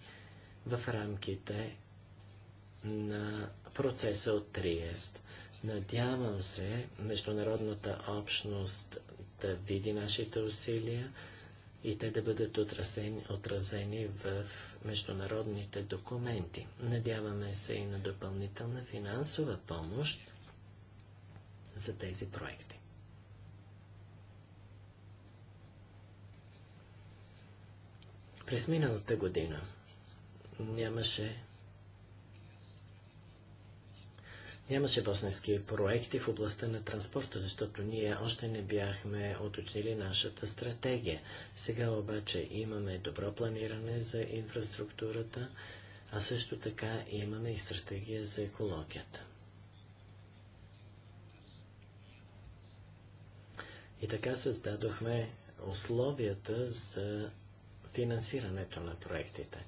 в рамките на процеса от Триест. Надявам се международната общност да види нашите усилия и те да бъдат отразени, отразени в международните документи. Надяваме се и на допълнителна финансова помощ за тези проекти. През миналата година нямаше Нямаше босненски проекти в областта на транспорта, защото ние още не бяхме оточнили нашата стратегия. Сега обаче имаме добро планиране за инфраструктурата, а също така имаме и стратегия за екологията. И така създадохме условията за финансирането на проектите.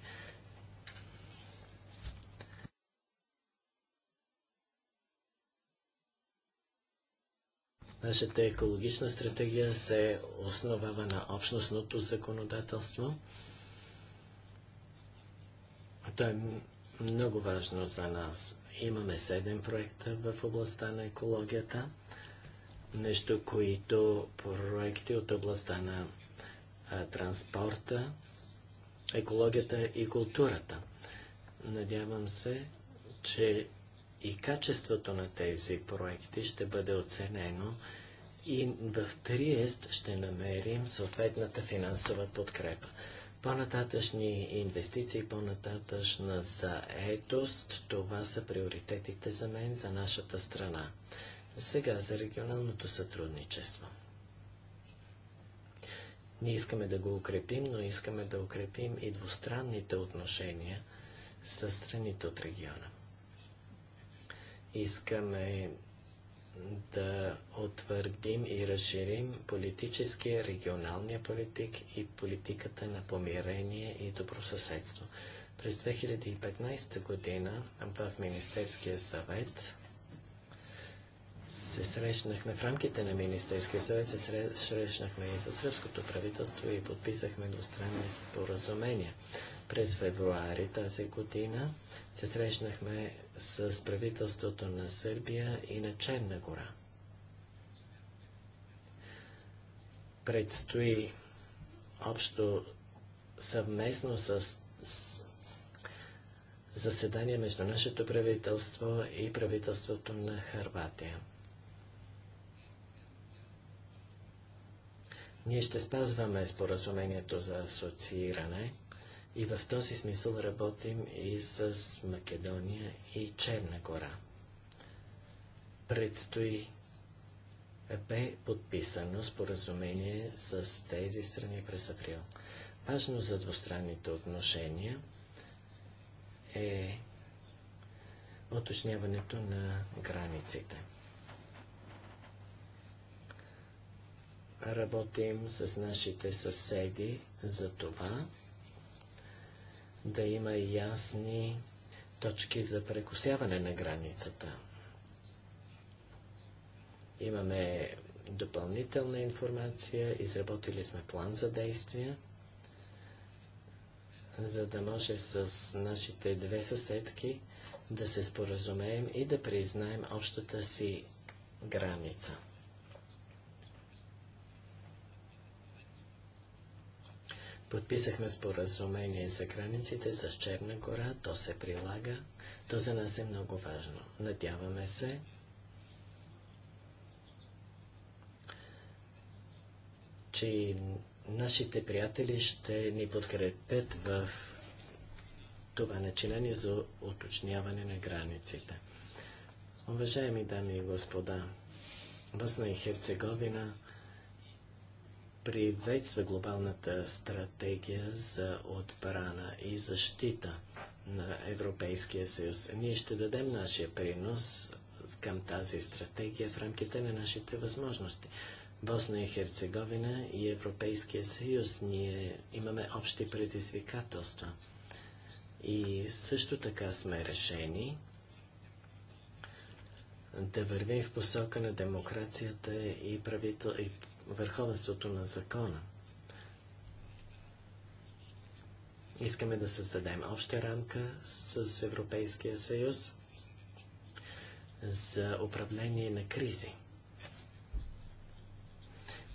Нашата екологична стратегия се основава на общностното законодателство. То е много важно за нас. Имаме седем проекта в областта на екологията, между които проекти от областта на транспорта, екологията и културата. Надявам се, че и качеството на тези проекти ще бъде оценено и в Триест ще намерим съответната финансова подкрепа. По-нататъчни инвестиции, по-нататъчна заетост, това са приоритетите за мен, за нашата страна. Сега за регионалното сътрудничество. Ние искаме да го укрепим, но искаме да укрепим и двустранните отношения с страните от региона. Искаме да утвърдим и разширим политическия, регионалния политик и политиката на помирение и добросъседство. През 2015 година в Министерския съвет се срещнахме в рамките на Министерския съвет, се срещнахме и със сръбското правителство и подписахме двустранни споразумения. През февруари тази година се срещнахме с правителството на Сърбия и на Черна гора. Предстои общо съвместно с, с заседание между нашето правителство и правителството на Харватия. Ние ще спазваме споразумението за асоцииране – и в този смисъл работим и с Македония и Черна гора. Предстои е, бе подписано споразумение с тези страни през април. Важно за двустранните отношения е уточняването на границите. Работим с нашите съседи за това да има ясни точки за прекусяване на границата. Имаме допълнителна информация, изработили сме план за действие, за да може с нашите две съседки да се споразумеем и да признаем общата си граница. Подписахме споразумение за границите с Черна гора, то се прилага, то за нас е много важно. Надяваме се че нашите приятели ще ни подкрепят в това начинание за уточняване на границите. Уважаеми дами и господа, Босна и Херцеговина приветства глобалната стратегия за отбрана и защита на Европейския съюз. Ние ще дадем нашия принос към тази стратегия в рамките на нашите възможности. Босна и Херцеговина и Европейския съюз ние имаме общи предизвикателства. И също така сме решени да вървим в посока на демокрацията и, правител... и върховенството на закона. Искаме да създадем обща рамка с Европейския съюз за управление на кризи.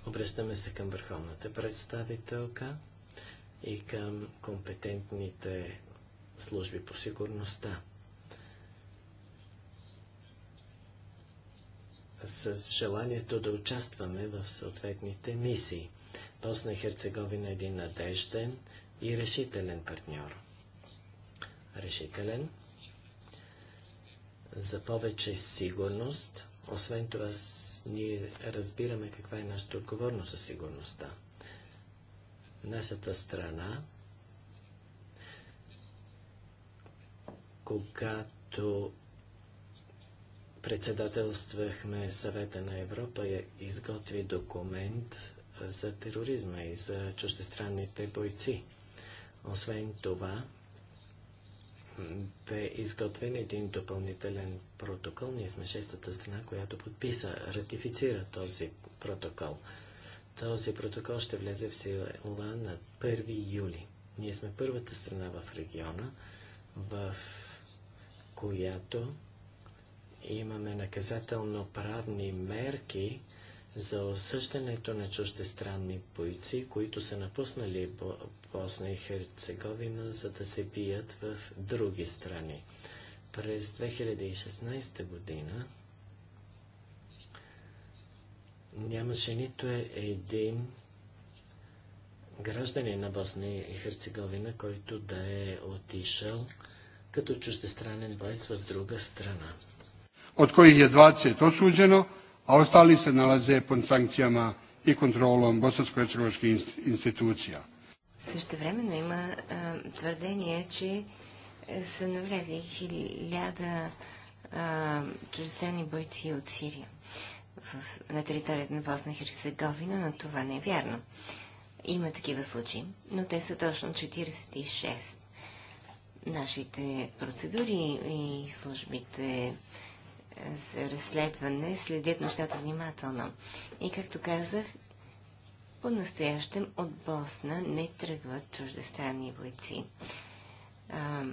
Обръщаме се към върховната представителка и към компетентните служби по сигурността. с желанието да участваме в съответните мисии. Босна и Херцеговина е един надежден и решителен партньор. Решителен за повече сигурност. Освен това, ние разбираме каква е нашата отговорност за сигурността. Нашата страна, когато председателствахме съвета на Европа изготви документ за тероризма и за чуждестранните бойци. Освен това, бе изготвен един допълнителен протокол. Ние сме шестата страна, която подписа, ратифицира този протокол. Този протокол ще влезе в сила на 1 юли. Ние сме първата страна в региона, в която имаме наказателно-правни мерки за осъждането на чуждестранни бойци, които са напуснали Босна и Херцеговина, за да се бият в други страни. През 2016 година нямаше нито е един гражданин на Босна и Херцеговина, който да е отишъл като чуждестранен бойц в друга страна od kojih je 20 osuđeno, a ostali se nalaze pod sankcijama и kontrolom bosansko-hercegovačkih институция. Също времено има а, е, твърдение, че е, са навлезли хиляда е, чуждестранни бойци от Сирия в, на територията на Босна и Херцеговина, но това не е вярно. Има такива случаи, но те са точно 46. Нашите процедури и службите за разследване следят нещата внимателно. И както казах, по-настоящем от Босна не тръгват чуждестранни бойци. А,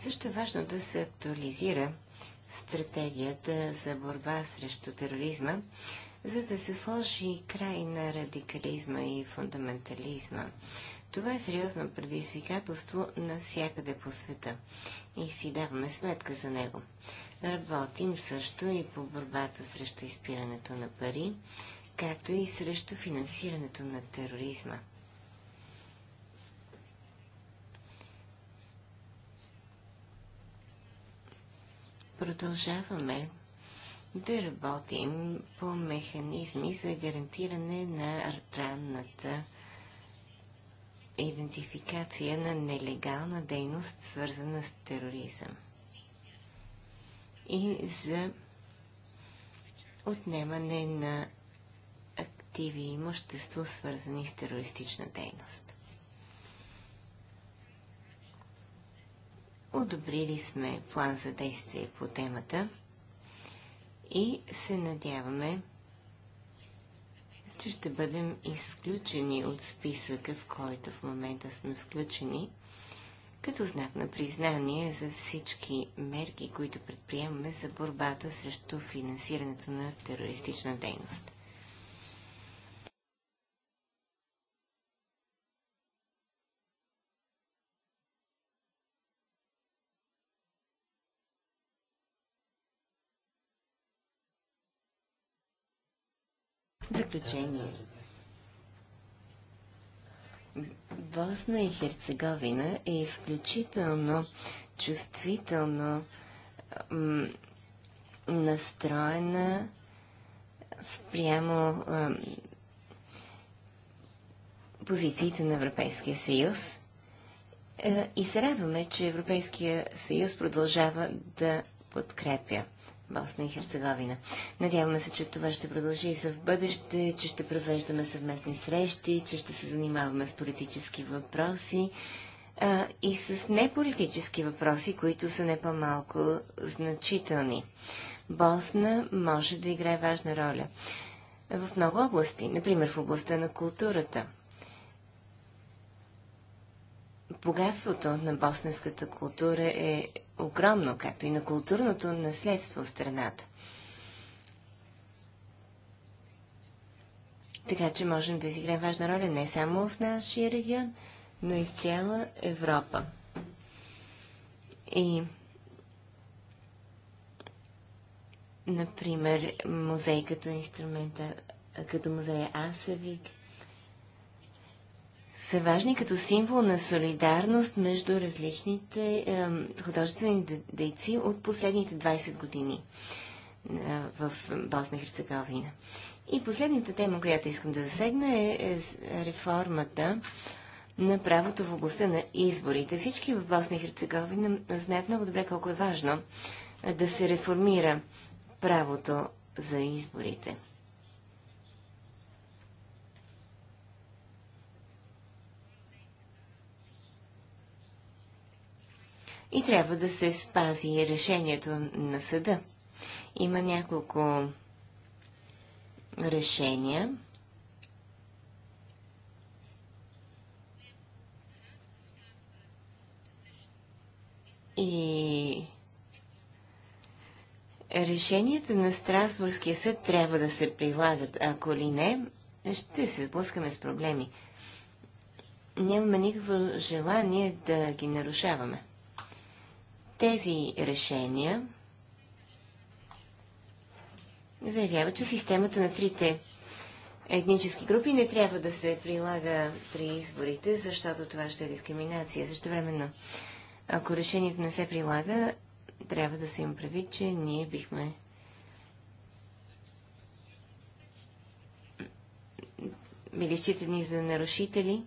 също е важно да се актуализира стратегията за борба срещу тероризма, за да се сложи край на радикализма и фундаментализма. Това е сериозно предизвикателство навсякъде по света и си даваме сметка за него. Работим също и по борбата срещу изпирането на пари, както и срещу финансирането на тероризма. Продължаваме да работим по механизми за гарантиране на ранната идентификация на нелегална дейност, свързана с тероризъм и за отнемане на активи и имущество, свързани с терористична дейност. Одобрили сме план за действие по темата и се надяваме, че ще бъдем изключени от списъка, в който в момента сме включени, като знак на признание за всички мерки, които предприемаме за борбата срещу финансирането на терористична дейност. Заключение. Босна и Херцеговина е изключително чувствително настроена спрямо позициите на Европейския съюз. Е, и се радваме, че Европейския съюз продължава да подкрепя Босна и Херцеговина. Надяваме се, че това ще продължи и за в бъдеще, че ще провеждаме съвместни срещи, че ще се занимаваме с политически въпроси а, и с неполитически въпроси, които са не по-малко значителни. Босна може да играе важна роля в много области, например в областта на културата – богатството на босненската култура е огромно, както и на културното наследство в страната. Така че можем да изиграем важна роля не само в нашия регион, но и в цяла Европа. И, например, музей като инструмента, като музея Асавик – са важни като символ на солидарност между различните е, художествени дейци от последните 20 години е, в Босна и Херцеговина. И последната тема, която искам да засегна е, е реформата на правото в областта на изборите. Всички в Босна и Херцеговина знаят много добре колко е важно е, да се реформира правото за изборите. и трябва да се спази решението на съда. Има няколко решения. И решенията на Страсбургския съд трябва да се прилагат. Ако ли не, ще се сблъскаме с проблеми. Нямаме никакво желание да ги нарушаваме. Тези решения заявяват, че системата на трите етнически групи не трябва да се прилага при изборите, защото това ще е дискриминация. Също времено, ако решението не се прилага, трябва да се им прави, че ние бихме били считани за нарушители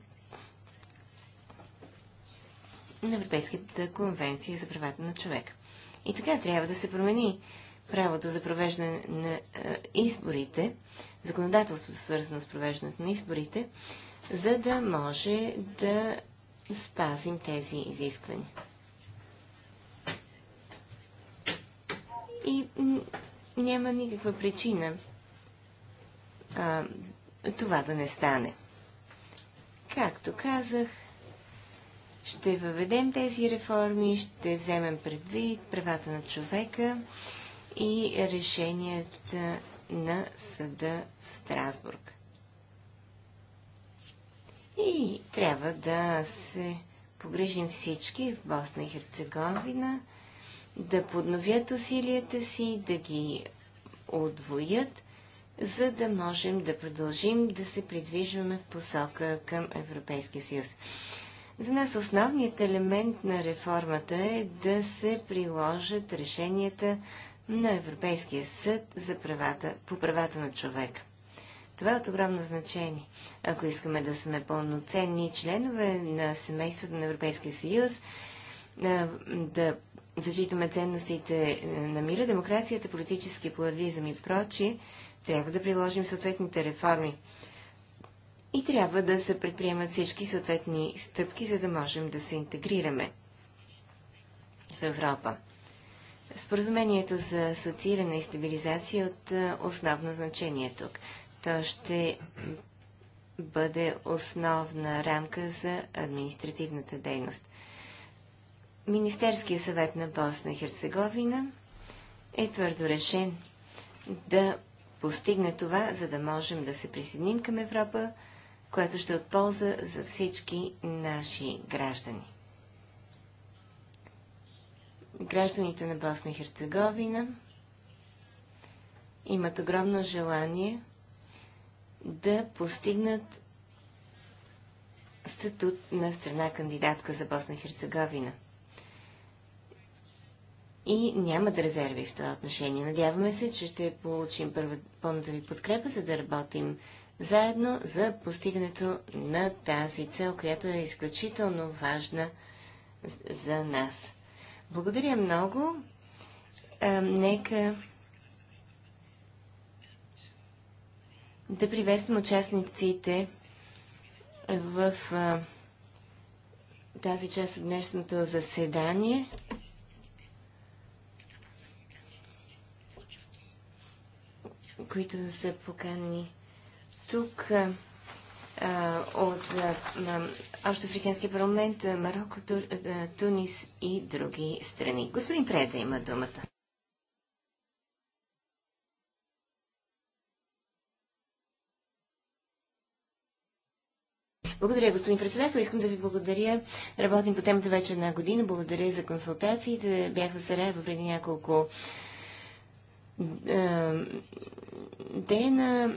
на Европейската конвенция за правата на човека. И така трябва да се промени правото за провеждане на е, изборите, законодателството свързано с провеждането на изборите, за да може да спазим тези изисквания. И няма никаква причина а, това да не стане. Както казах, ще въведем тези реформи, ще вземем предвид правата на човека и решенията на съда в Страсбург. И трябва да се погрежим всички в Босна и Херцеговина, да подновят усилията си, да ги отвоят, за да можем да продължим да се придвижваме в посока към Европейския съюз. За нас основният елемент на реформата е да се приложат решенията на Европейския съд за правата, по правата на човека. Това е от огромно значение. Ако искаме да сме пълноценни членове на семейството на Европейския съюз, да зачитаме ценностите на мира, демокрацията, политически плурализъм и прочи, трябва да приложим съответните реформи и трябва да се предприемат всички съответни стъпки, за да можем да се интегрираме в Европа. Споразумението за асоцииране и стабилизация е от е, основно значение тук. То ще бъде основна рамка за административната дейност. Министерския съвет на Босна и Херцеговина е твърдо решен да постигне това, за да можем да се присъединим към Европа което ще е от полза за всички наши граждани. Гражданите на Босна и Херцеговина имат огромно желание да постигнат статут на страна кандидатка за Босна и Херцеговина. И нямат резерви в това отношение. Надяваме се, че ще получим първа пълната ви подкрепа, за да работим заедно за постигането на тази цел, която е изключително важна за нас. Благодаря много. А, нека да приветствам участниците в а, тази част от днешното заседание. които са поканени тук а, от Общоафриканския парламент, Марокко, Тунис и други страни. Господин Преда има думата. Благодаря, господин председател. Искам да ви благодаря. Работим по темата вече една година. Благодаря за консултациите. Бях в Сараево преди няколко е, Дейна,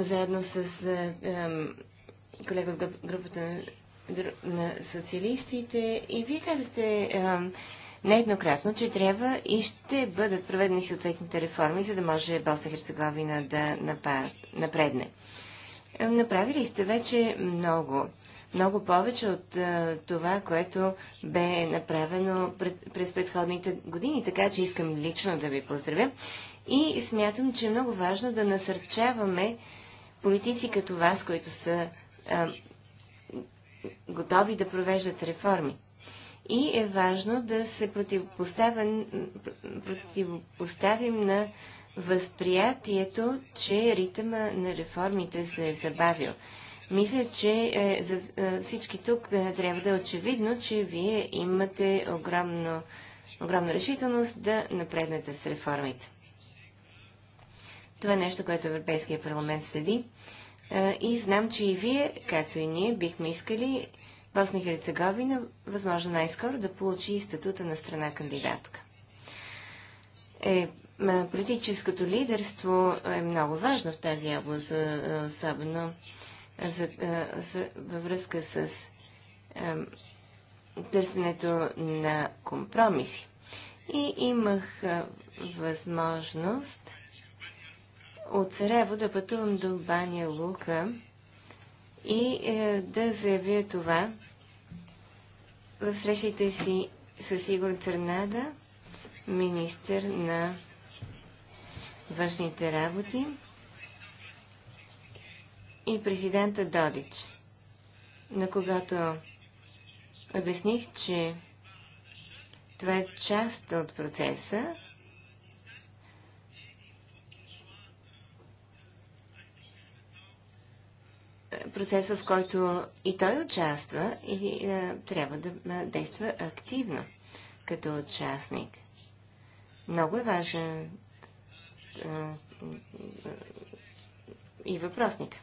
заедно с е, е, колега от групата на социалистите, и вие казахте нееднократно, че трябва и ще бъдат проведени съответните реформи, за да може Босна Херцеговина да напредне. Направили сте вече много много повече от това, което бе направено през предходните години. Така че искам лично да ви поздравя и смятам, че е много важно да насърчаваме политици като вас, които са а, готови да провеждат реформи. И е важно да се противопоставим на възприятието, че ритъма на реформите се е забавил. Мисля, че е, за е, всички тук е, трябва да е очевидно, че вие имате огромно, огромна решителност да напреднете с реформите. Това е нещо, което Европейския парламент следи. Е, и знам, че и вие, както и ние, бихме искали Босна и Херцеговина, възможно най-скоро, да получи статута на страна кандидатка. Е, политическото лидерство е много важно в тази област, особено за, във връзка с е, търсенето на компромиси. И имах възможност от Сарево да пътувам до Баня Лука и е, да заявя това в срещите си с Игор Църнада, министър на външните работи и президента Додич, на когато обясних, че това е част от процеса процес, в който и той участва и а, е, трябва да е, действа активно като участник. Много е важен а, е, и въпросник.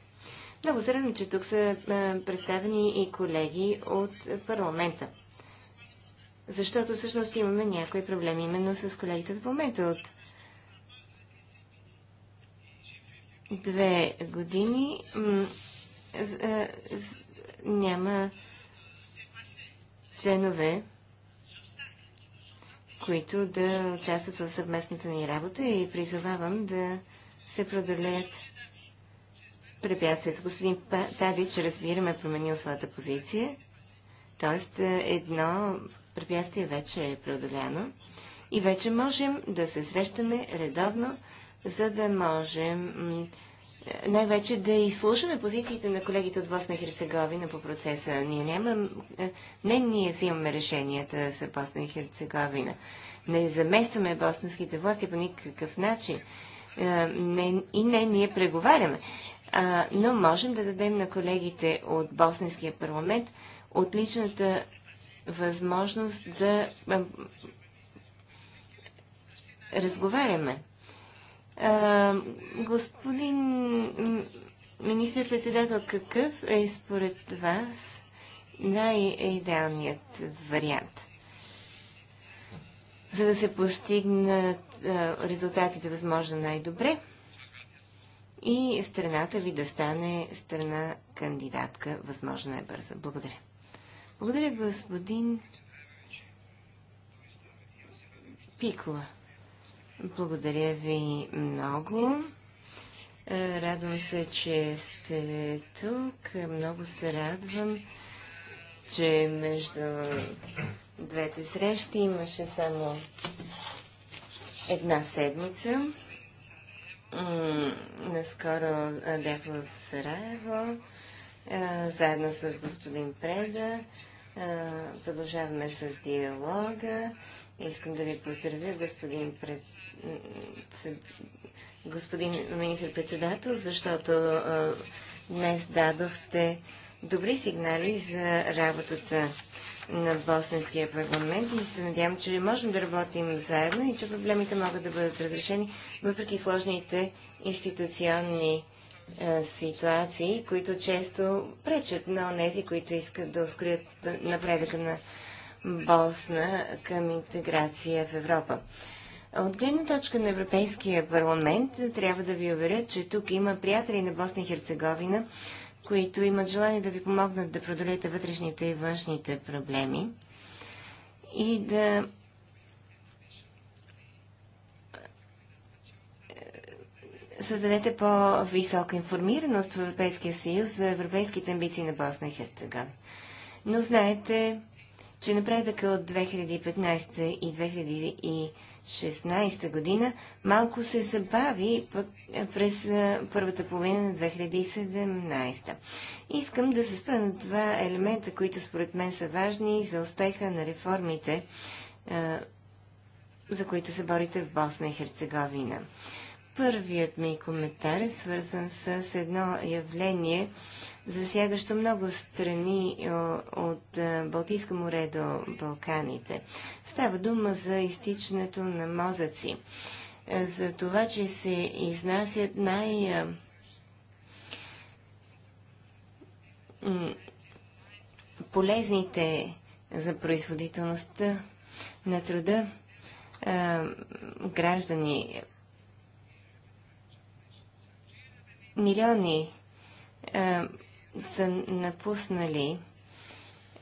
Много се радвам, че тук са а, представени и колеги от парламента. Защото всъщност имаме някои проблеми именно с колегите в момента от две години е, няма членове, които да участват в съвместната ни работа и призовавам да се продълеят препятствията. Господин Тадич, разбираме, е променил своята позиция, т.е. едно препятствие вече е преодоляно и вече можем да се срещаме редовно, за да можем най-вече да изслушаме позициите на колегите от Босна и Херцеговина по процеса. Ние нямам, е, не ние взимаме решенията за Босна и Херцеговина. Не заместваме босненските власти по никакъв начин. Е, не, и не ние преговаряме. но можем да дадем на колегите от Босненския парламент отличната възможност да разговаряме господин министър-председател, какъв е според вас най-идеалният вариант? За да се постигнат резултатите възможно най-добре и страната ви да стане страна кандидатка възможно най-бързо. Благодаря. Благодаря, господин Пикола. Благодаря ви много. Е, радвам се, че сте тук. Много се радвам, че между двете срещи имаше само една седмица. Наскоро бях в Сараево, заедно с господин Преда. Продължаваме с диалога. Искам да ви поздравя, господин Преда господин министр-председател, защото днес дадохте добри сигнали за работата на Босненския парламент и се надявам, че можем да работим заедно и че проблемите могат да бъдат разрешени, въпреки сложните институционни е, ситуации, които често пречат на тези, които искат да ускорят напредъка на Босна към интеграция в Европа. От гледна точка на Европейския парламент е, трябва да ви уверя, че тук има приятели на Босна и Херцеговина, които имат желание да ви помогнат да продолете вътрешните и външните проблеми и да е, създадете по-висока информираност в Европейския съюз за европейските амбиции на Босна и Херцеговина. Но знаете, че напредъка от 2015 и 2015 2016 година малко се забави пък е, през е, първата половина на 2017. Искам да се спра на два елемента, които според мен са важни за успеха на реформите, е, за които се борите в Босна и Херцеговина. Първият ми коментар е свързан с едно явление, засягащо много страни е, от е, Балтийско море до Балканите. Става дума за изтичането на мозъци, е, за това, че се изнасят най- полезните за производителността на труда граждани милиони са напуснали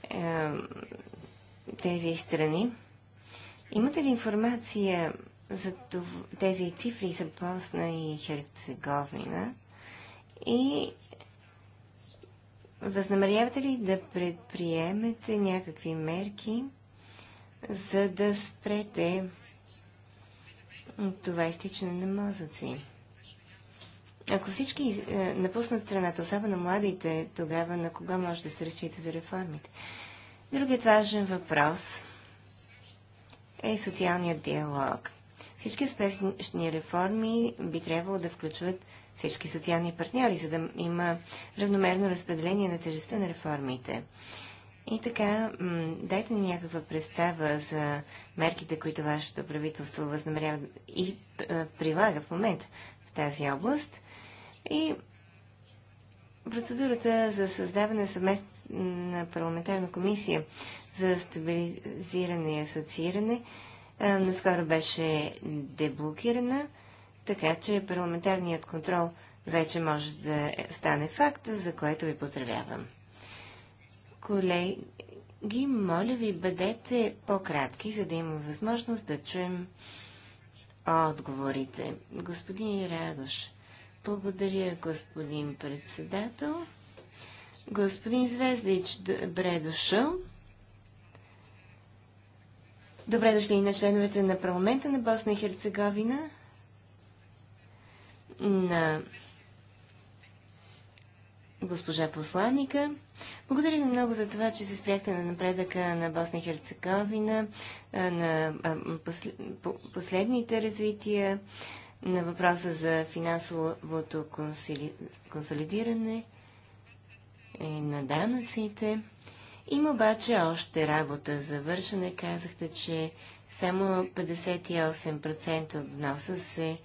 е, тези страни. Имате ли информация за тези цифри за Босна и Херцеговина? И възнамерявате ли да предприемете някакви мерки, за да спрете това изтичане на мозъци? Ако всички е, напуснат страната, особено младите, тогава на кога може да се разчита за реформите? Другият важен въпрос е социалният диалог. Всички успешни реформи би трябвало да включват всички социални партньори, за да има равномерно разпределение на тежестта на реформите. И така, дайте ни някаква представа за мерките, които вашето правителство възнамерява и е, прилага в момента в тази област, и процедурата за създаване на съвместна парламентарна комисия за стабилизиране и асоцииране наскоро беше деблокирана, така че парламентарният контрол вече може да стане факт, за което ви поздравявам. Колеги, моля ви, бъдете по-кратки, за да има възможност да чуем отговорите. Господин Радош, благодаря, господин председател. Господин Звездич, добре дошъл. Добре дошли и на членовете на парламента на Босна и Херцеговина, на госпожа посланника. Благодаря ви много за това, че се спряхте на напредъка на Босна и Херцеговина, на последните развития на въпроса за финансовото консоли... консолидиране и на данъците. Има обаче още работа за вършене. Казахте, че само 58% от вноса се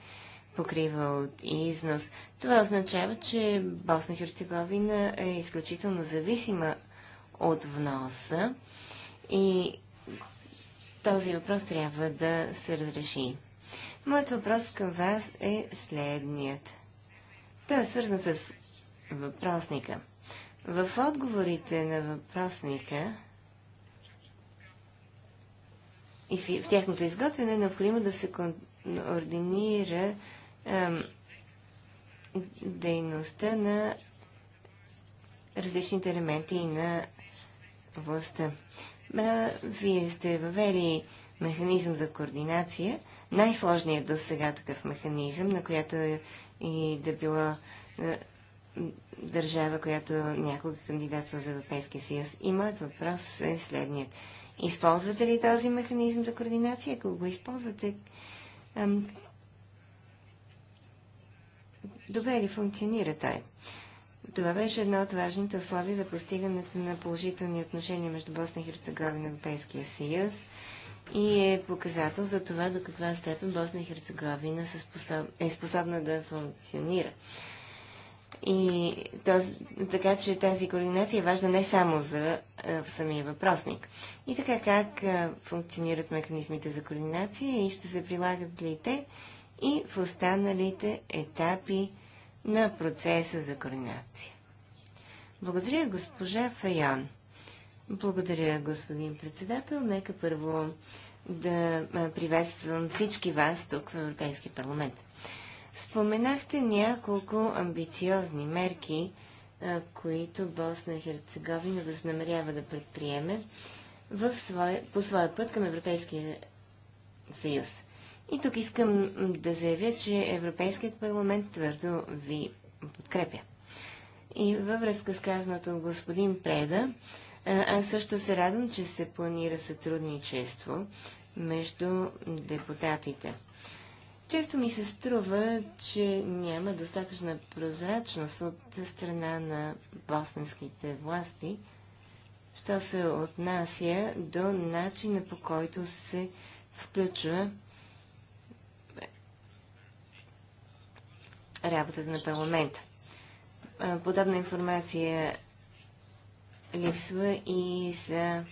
покрива от износ. Това означава, че Босна Херцеговина е изключително зависима от вноса и този въпрос трябва да се разреши. Моят въпрос към вас е следният. Той е свързан с въпросника. В отговорите на въпросника и в, тяхното изготвяне е необходимо да се координира ем, дейността на различните елементи на властта. Вие сте въвели механизъм за координация – най-сложният до сега такъв механизъм, на която е и да била е, държава, която някога кандидатства за Европейския съюз. И моят въпрос е следният. Използвате ли този механизъм за координация? Ако го използвате, ам, добре ли функционира той? Това беше едно от важните условия за постигането на положителни отношения между Босна и Херцеговина и Европейския съюз – и е показател за това до каква степен Босна и Херцеговина е способна да функционира. И този, така че тази координация е важна не само за а, е, самия въпросник. И така как а, е, функционират механизмите за координация и ще се прилагат ли те и в останалите етапи на процеса за координация. Благодаря, госпожа Файон. Благодаря, господин председател. Нека първо да приветствам всички вас тук в Европейския парламент. Споменахте няколко амбициозни мерки, които Босна и Херцеговина възнамерява да предприеме в свой, по своя път към Европейския съюз. И тук искам да заявя, че Европейският парламент твърдо ви подкрепя. И във връзка с казаното от господин Преда, аз също се радвам, че се планира сътрудничество между депутатите. Често ми се струва, че няма достатъчна прозрачност от страна на босненските власти, що се отнася до начина по който се включва работата на парламента. Подобна информация липсва и за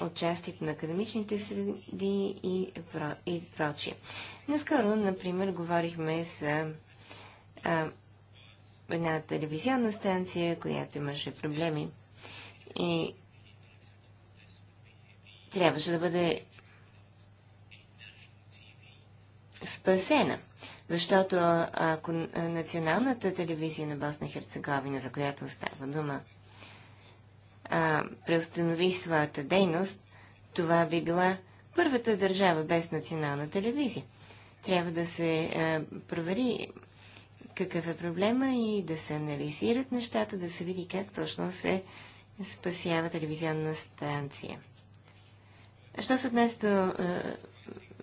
участието на академичните среди и, про, и прочие. Наскоро, например, говорихме за а, една телевизионна станция, която имаше проблеми и трябваше да бъде спасена. Защото ако националната телевизия на Босна и Херцеговина, за която става дума, а, преустанови своята дейност, това би била първата държава без национална телевизия. Трябва да се а, провери какъв е проблема и да се анализират нещата, да се види как точно се спасява телевизионна станция. Що се отнесе до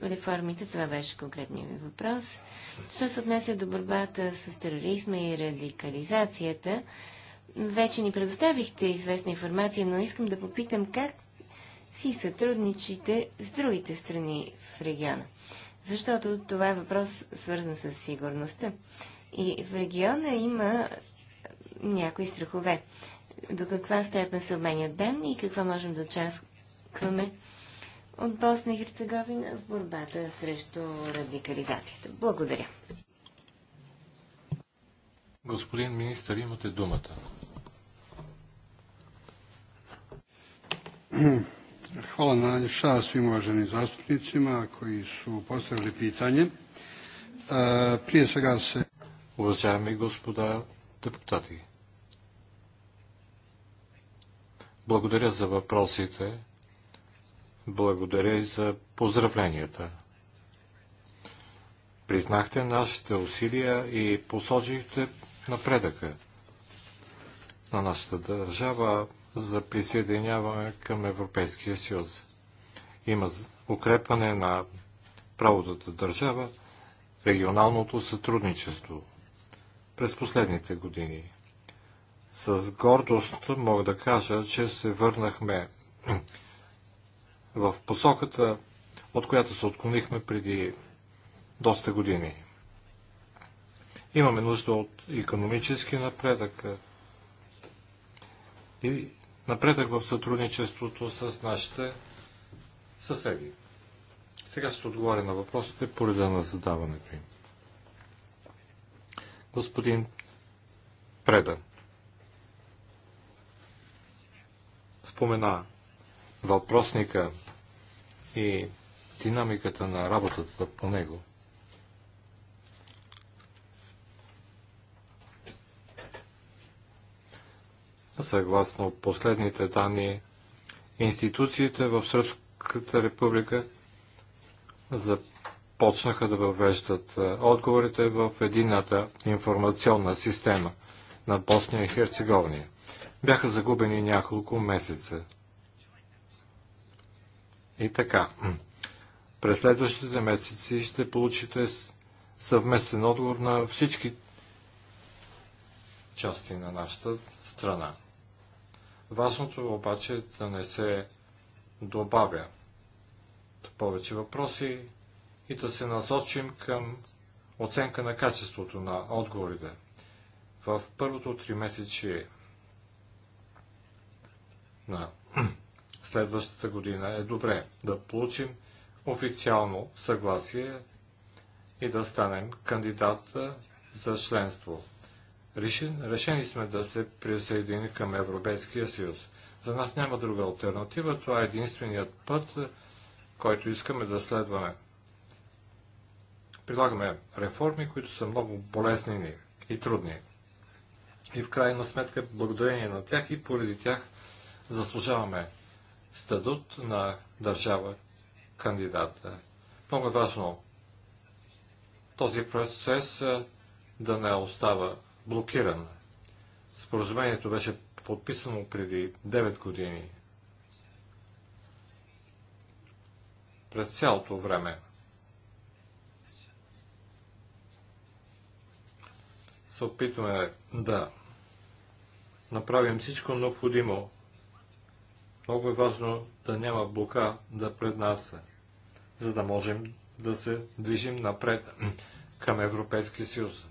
реформите. Това беше конкретният ми въпрос. Що се отнася до борбата с тероризма и радикализацията, вече ни предоставихте известна информация, но искам да попитам как си сътрудничите с другите страни в региона. Защото това е въпрос свързан с сигурността. И в региона има някои страхове. До каква степен се обменят данни и какво можем да очакваме от Босна и Херцеговина в борбата срещу радикализацията. Благодаря. Господин министър, имате думата. Hvala najljepša svim uvaženim zastupnicima koji su postavili pitanje. Prije svega se... Уважаеми господа депутати, благодаря за въпросите. Благодаря и за поздравленията. Признахте нашите усилия и посочихте напредъка на нашата държава за присъединяване към Европейския съюз. Има укрепване на правотата държава, регионалното сътрудничество през последните години. С гордост мога да кажа, че се върнахме в посоката, от която се отклонихме преди доста години. Имаме нужда от економически напредък и напредък в сътрудничеството с нашите съседи. Сега ще отговоря на въпросите по реда на задаването им. Господин Преда спомена въпросника и динамиката на работата по него. Съгласно последните данни, институциите в Сръбската република започнаха да въвеждат е, отговорите в едината информационна система на Босния и Херцеговния. Бяха загубени няколко месеца и така, през следващите месеци ще получите съвместен отговор на всички части на нашата страна. Важното обаче е да не се добавя повече въпроси и да се насочим към оценка на качеството на отговорите. В първото три месече на следващата година е добре да получим официално съгласие и да станем кандидат за членство. Решен, решени сме да се присъединим към Европейския съюз. За нас няма друга альтернатива, това е единственият път, който искаме да следваме. Прилагаме реформи, които са много болезнени и трудни. И в крайна сметка, благодарение на тях и поради тях заслужаваме статут на държава кандидата. Много е важно този процес да не остава блокиран. Споразумението беше подписано преди 9 години. През цялото време се опитваме да направим всичко необходимо много е важно да няма блока да пред нас, за да можем да се движим напред към Европейския съюз.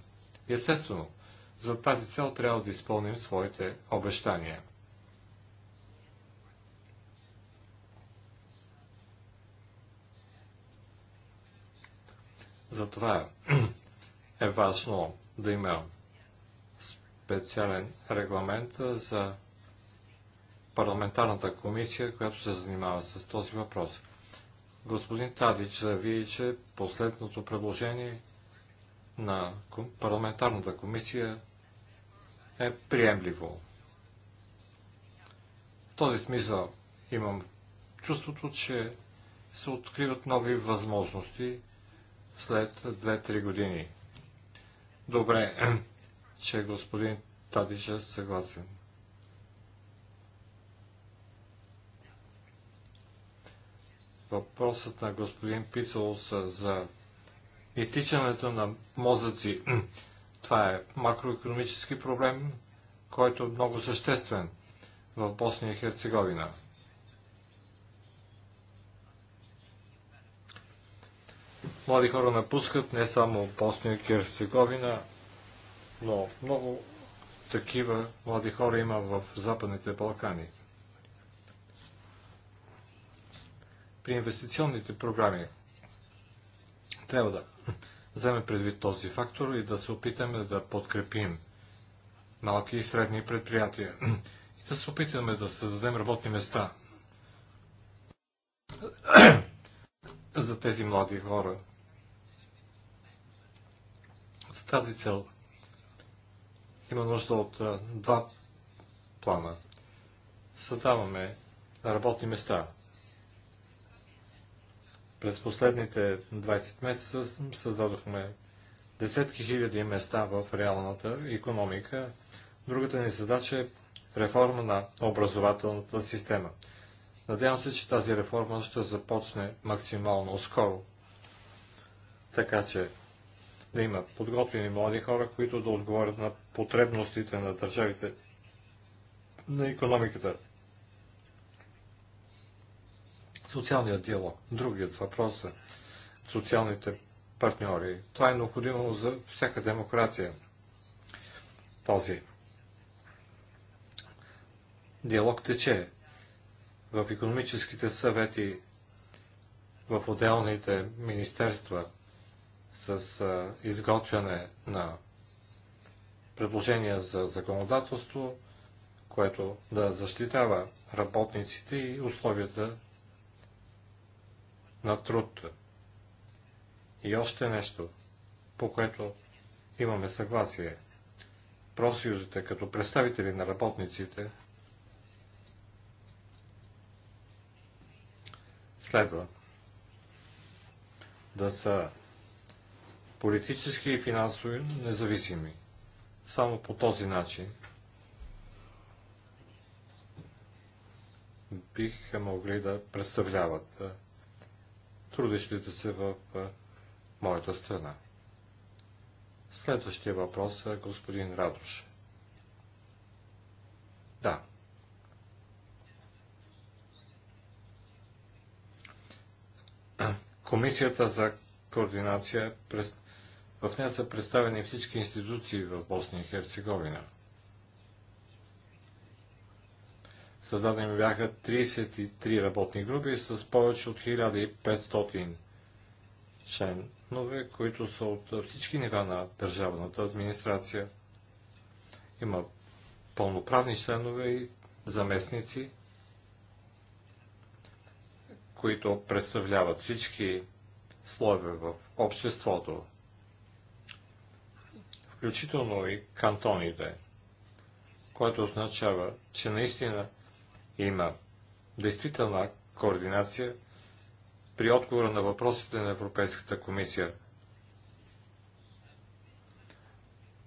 Естествено, за тази цел трябва да изпълним своите обещания. Затова е важно да има специален регламент за парламентарната комисия, която се занимава с този въпрос. Господин Тадич заяви, че последното предложение на парламентарната комисия е приемливо. В този смисъл имам чувството, че се откриват нови възможности след 2-3 години. Добре, че господин Тадич е съгласен. въпросът на господин Писалс за изтичането на мозъци. Това е макроекономически проблем, който е много съществен в Босния и Херцеговина. Млади хора напускат не само Босния и Херцеговина, но много такива млади хора има в Западните Балкани. при инвестиционните програми. Трябва да вземе предвид този фактор и да се опитаме да подкрепим малки и средни предприятия и да се опитаме да създадем работни места за тези млади хора. За тази цел има нужда от два плана. Създаваме работни места през последните 20 месеца създадохме десетки хиляди места в реалната економика. Другата ни задача е реформа на образователната система. Надявам се, че тази реформа ще започне максимално скоро. Така че да има подготвени млади хора, които да отговорят на потребностите на държавите, на економиката. Социалният диалог. Другият въпрос за е социалните партньори. Това е необходимо за всяка демокрация. Този диалог тече в економическите съвети, в отделните министерства с изготвяне на предложения за законодателство, което да защитава работниците и условията на труд. И още нещо, по което имаме съгласие. Просъюзите като представители на работниците следва да са политически и финансови независими. Само по този начин биха могли да представляват трудещите се в моята страна. Следващия въпрос е господин Радош. Да. Комисията за координация, в нея са представени всички институции в Босния и Херцеговина – Създадени бяха 33 работни групи с повече от 1500 членове, които са от всички нива на държавната администрация. Има пълноправни членове и заместници, които представляват всички слоеве в обществото, включително и кантоните, което означава, че наистина има действителна координация при отговора на въпросите на Европейската комисия.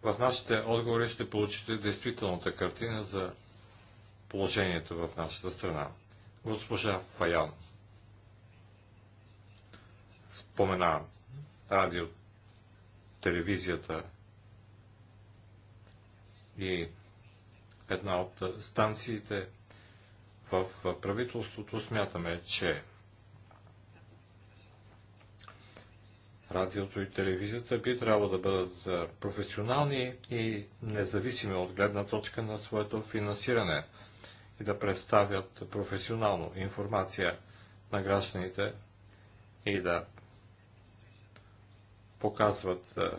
В нашите отговори ще получите действителната картина за положението в нашата страна. Госпожа Фаян спомена радио, телевизията и една от станциите в правителството смятаме, че радиото и телевизията би трябвало да бъдат е, професионални и независими от гледна точка на своето финансиране и да представят професионално информация на гражданите и да показват е,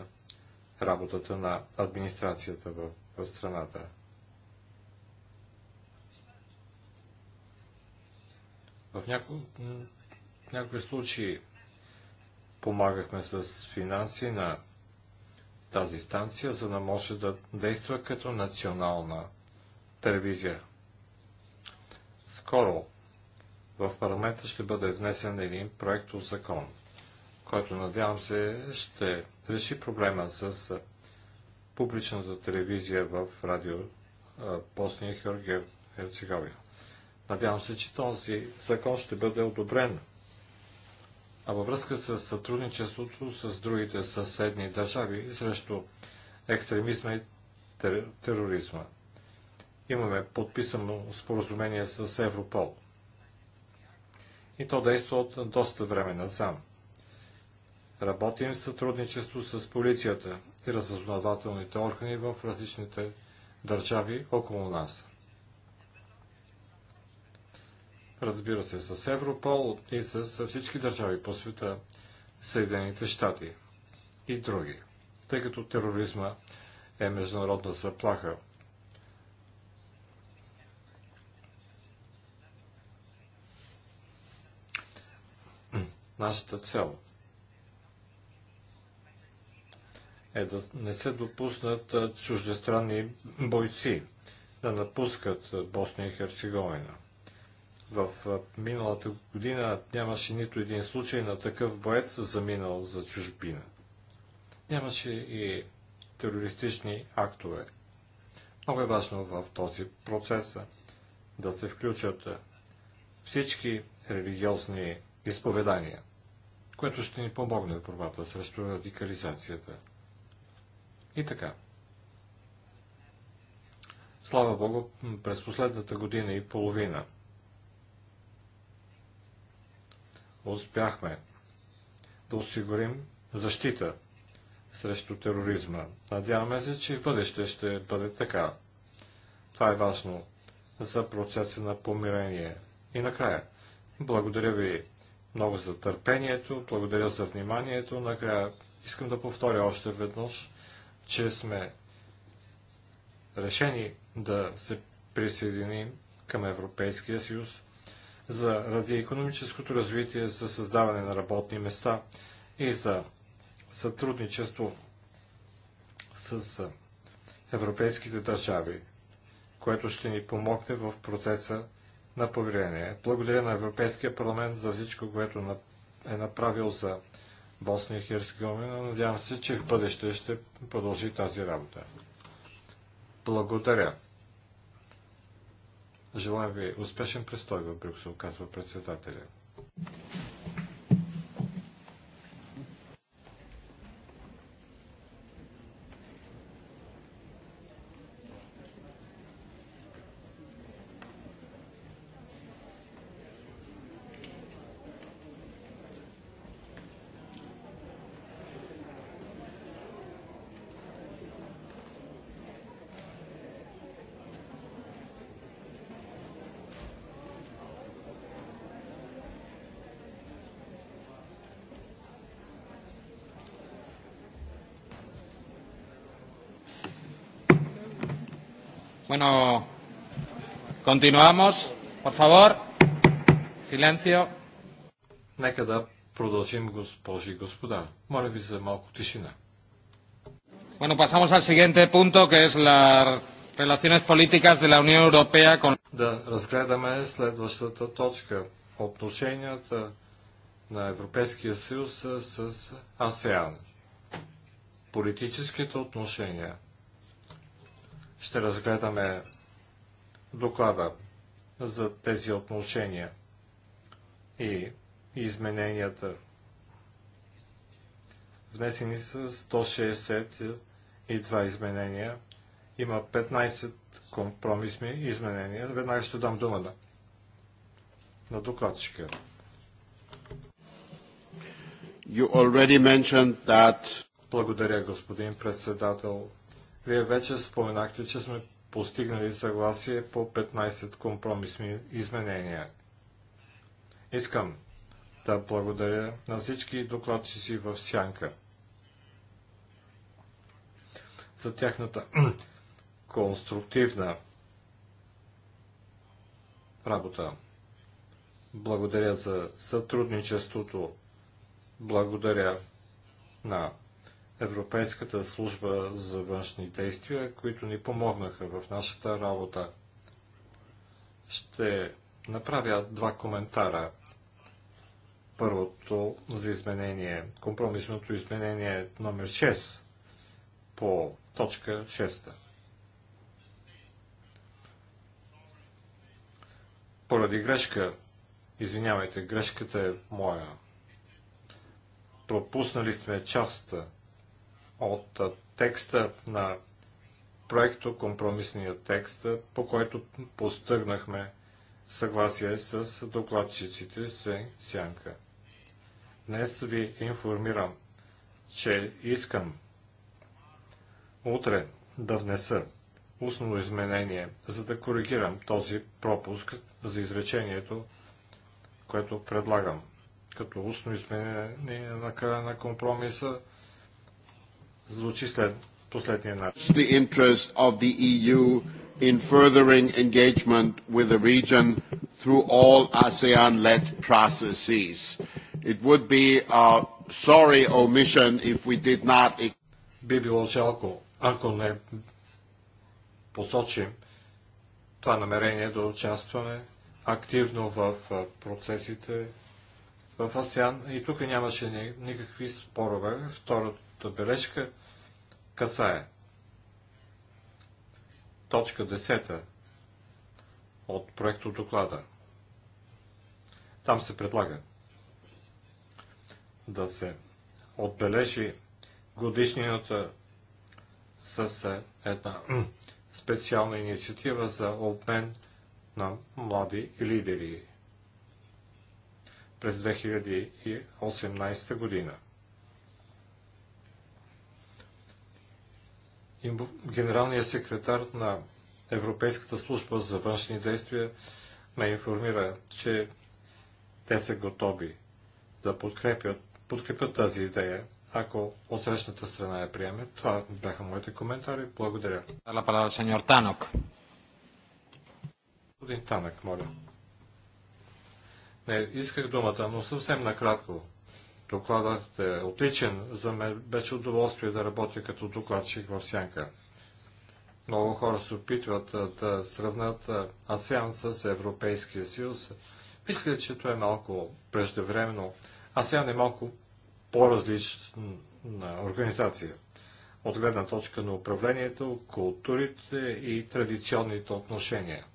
работата на администрацията в страната. В няко... някои случаи помагахме с финанси на тази станция, за да може да действа като национална телевизия. Скоро в парламента ще бъде внесен един проект от закон, който надявам се ще реши проблема с публичната телевизия в радио Босния и Херцеговина. Надявам се, че този закон ще бъде одобрен. А във връзка с сътрудничеството с другите съседни държави срещу екстремизма и тер... тероризма. Имаме подписано споразумение с Европол. И то действа от доста време насам. Работим в сътрудничество с полицията и разузнавателните органи в различните държави около нас. разбира се, с Европол и с всички държави по света, Съединените щати и други, тъй като тероризма е международна заплаха. Нашата цел е да не се допуснат чуждестранни бойци да напускат Босния и Херцеговина. В миналата година нямаше нито един случай на такъв боец заминал за чужбина. Нямаше и терористични актове. Много е важно в този процес да се включат всички религиозни изповедания, което ще ни помогне в борбата срещу радикализацията. И така. Слава Богу, през последната година и половина – успяхме да осигурим защита срещу тероризма. Надяваме се, че в бъдеще ще бъде така. Това е важно за процеса на помирение. И накрая, благодаря ви много за търпението, благодаря за вниманието. Накрая искам да повторя още веднъж, че сме решени да се присъединим към Европейския съюз заради економическото развитие за създаване на работни места и за сътрудничество с европейските държави, което ще ни помогне в процеса на помирение. Благодаря на Европейския парламент за всичко, което е направил за Босния и Херцеговина. Надявам се, че в бъдеще ще продължи тази работа. Благодаря. Желая ви успешен престой в Брюксел, казва председателя. no. continuamos. Por favor. Silencio. Нека да продължим, госпожи и господа. Моля ви за малко тишина. Bueno, pasamos al siguiente punto, que es la relaciones políticas de la Unión Europea con... Да разгледаме следващата точка. Отношенията на Европейския съюз с АСЕАН. Политическите отношения ще разгледаме доклада за тези отношения и измененията. Внесени са 162 изменения. Има 15 компромисни изменения. Веднага ще дам дума на, на докладчика. You already mentioned that... Благодаря, господин председател. Вие вече споменахте, че сме постигнали съгласие по 15 компромисни изменения. Искам да благодаря на всички докладчици в Сянка за тяхната конструктивна работа. Благодаря за сътрудничеството. Благодаря на Европейската служба за външни действия, които ни помогнаха в нашата работа. Ще направя два коментара. Първото за изменение, компромисното изменение номер 6 по точка 6. Поради грешка, извинявайте, грешката е моя. Пропуснали сме частта от текста на проекто, компромисния текст, по който постъгнахме съгласие с докладчиците се сянка. Днес ви информирам, че искам утре да внеса устно изменение, за да коригирам този пропуск за изречението, което предлагам. Като устно изменение на края на компромиса звучи след последния начин. The interest of the EU in furthering engagement with the region through all ASEAN-led processes. It would be a sorry omission if we did not... Би било жалко, ако не посочим това намерение да участваме активно в процесите в АСЕАН. И тук нямаше никакви спорове. Второто бележка касае точка 10 от проекто доклада. Там се предлага да се отбележи годишнината с една специална инициатива за обмен на млади лидери през 2018 година. генералният секретар на Европейската служба за външни действия ме информира, че те са готови да подкрепят, подкрепят тази идея, ако отсрещната страна я приеме. Това бяха моите коментари. Благодаря. Господин Танък, моля. Не, исках думата, но съвсем накратко. Докладът е отличен. За мен беше удоволствие да работя като докладчик в Сянка. Много хора се опитват да сравнат АСЕАН с Европейския съюз. Мисля, че това е малко преждевременно. АСЕАН е малко по-различна организация от гледна точка на управлението, културите и традиционните отношения.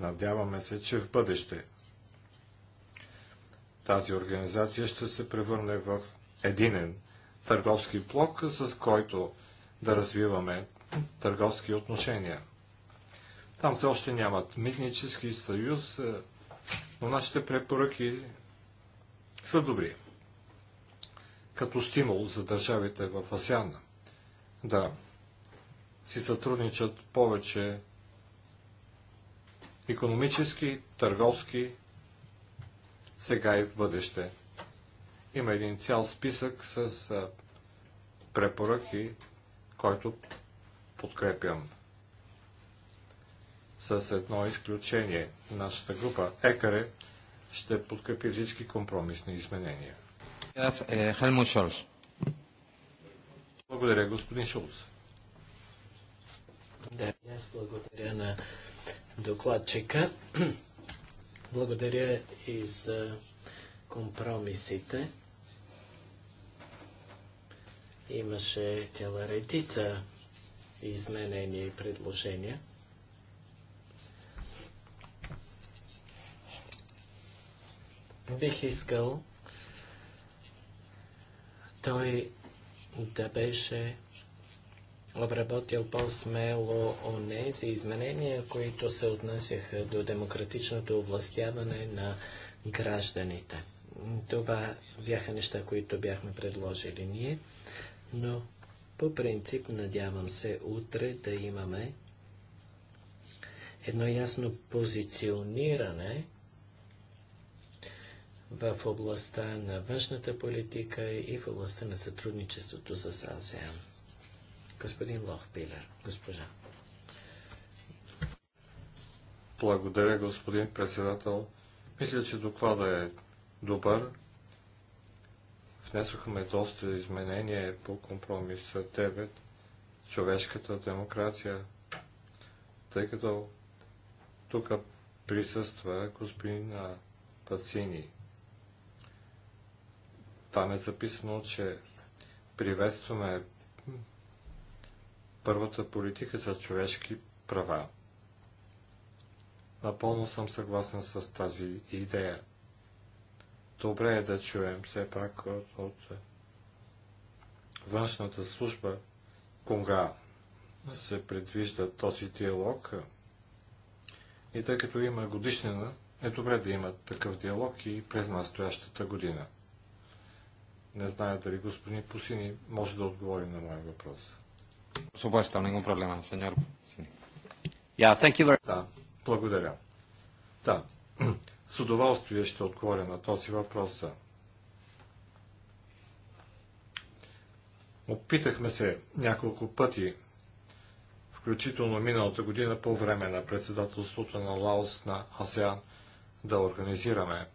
Надяваме се, че в бъдеще тази организация ще се превърне в единен търговски блок, с който да развиваме търговски отношения. Там все още нямат митнически съюз, е, но нашите препоръки са добри. Като стимул за държавите в Асиан да си сътрудничат повече економически, търговски сега и в бъдеще. Има един цял списък с препоръки, който подкрепям. С едно изключение, нашата група ЕКАРЕ ще подкрепи всички компромисни изменения. Е, благодаря, господин Шулц. Да, аз благодаря на докладчика. Благодаря и за компромисите. Имаше цяла редица изменения и предложения. Бих искал той да беше обработил по-смело о нези изменения, които се отнасяха до демократичното овластяване на гражданите. Това бяха неща, които бяхме предложили ние, но по принцип надявам се утре да имаме едно ясно позициониране в областта на външната политика и в областта на сътрудничеството с АСЕАН. Господин Лохпилер, госпожа. Благодаря, господин председател. Мисля, че доклада е добър. Внесохме доста изменения по компромиса 9, човешката демокрация, тъй като тук присъства господин Пацини. Там е записано, че приветстваме първата политика за човешки права. Напълно съм съгласен с тази идея. Добре е да чуем все пак от, от външната служба кога се предвижда този диалог. И тъй като има годишнина, е добре да има такъв диалог и през настоящата година. Не зная дали господин Пусини може да отговори на моя въпрос. Supuesto, ningún проблема, señor. Yeah, thank you very... Да, благодаря. Да, с удоволствие ще отговоря на този въпрос. Опитахме се няколко пъти, включително миналата година по време на председателството на Лаос на АСЕАН, да организираме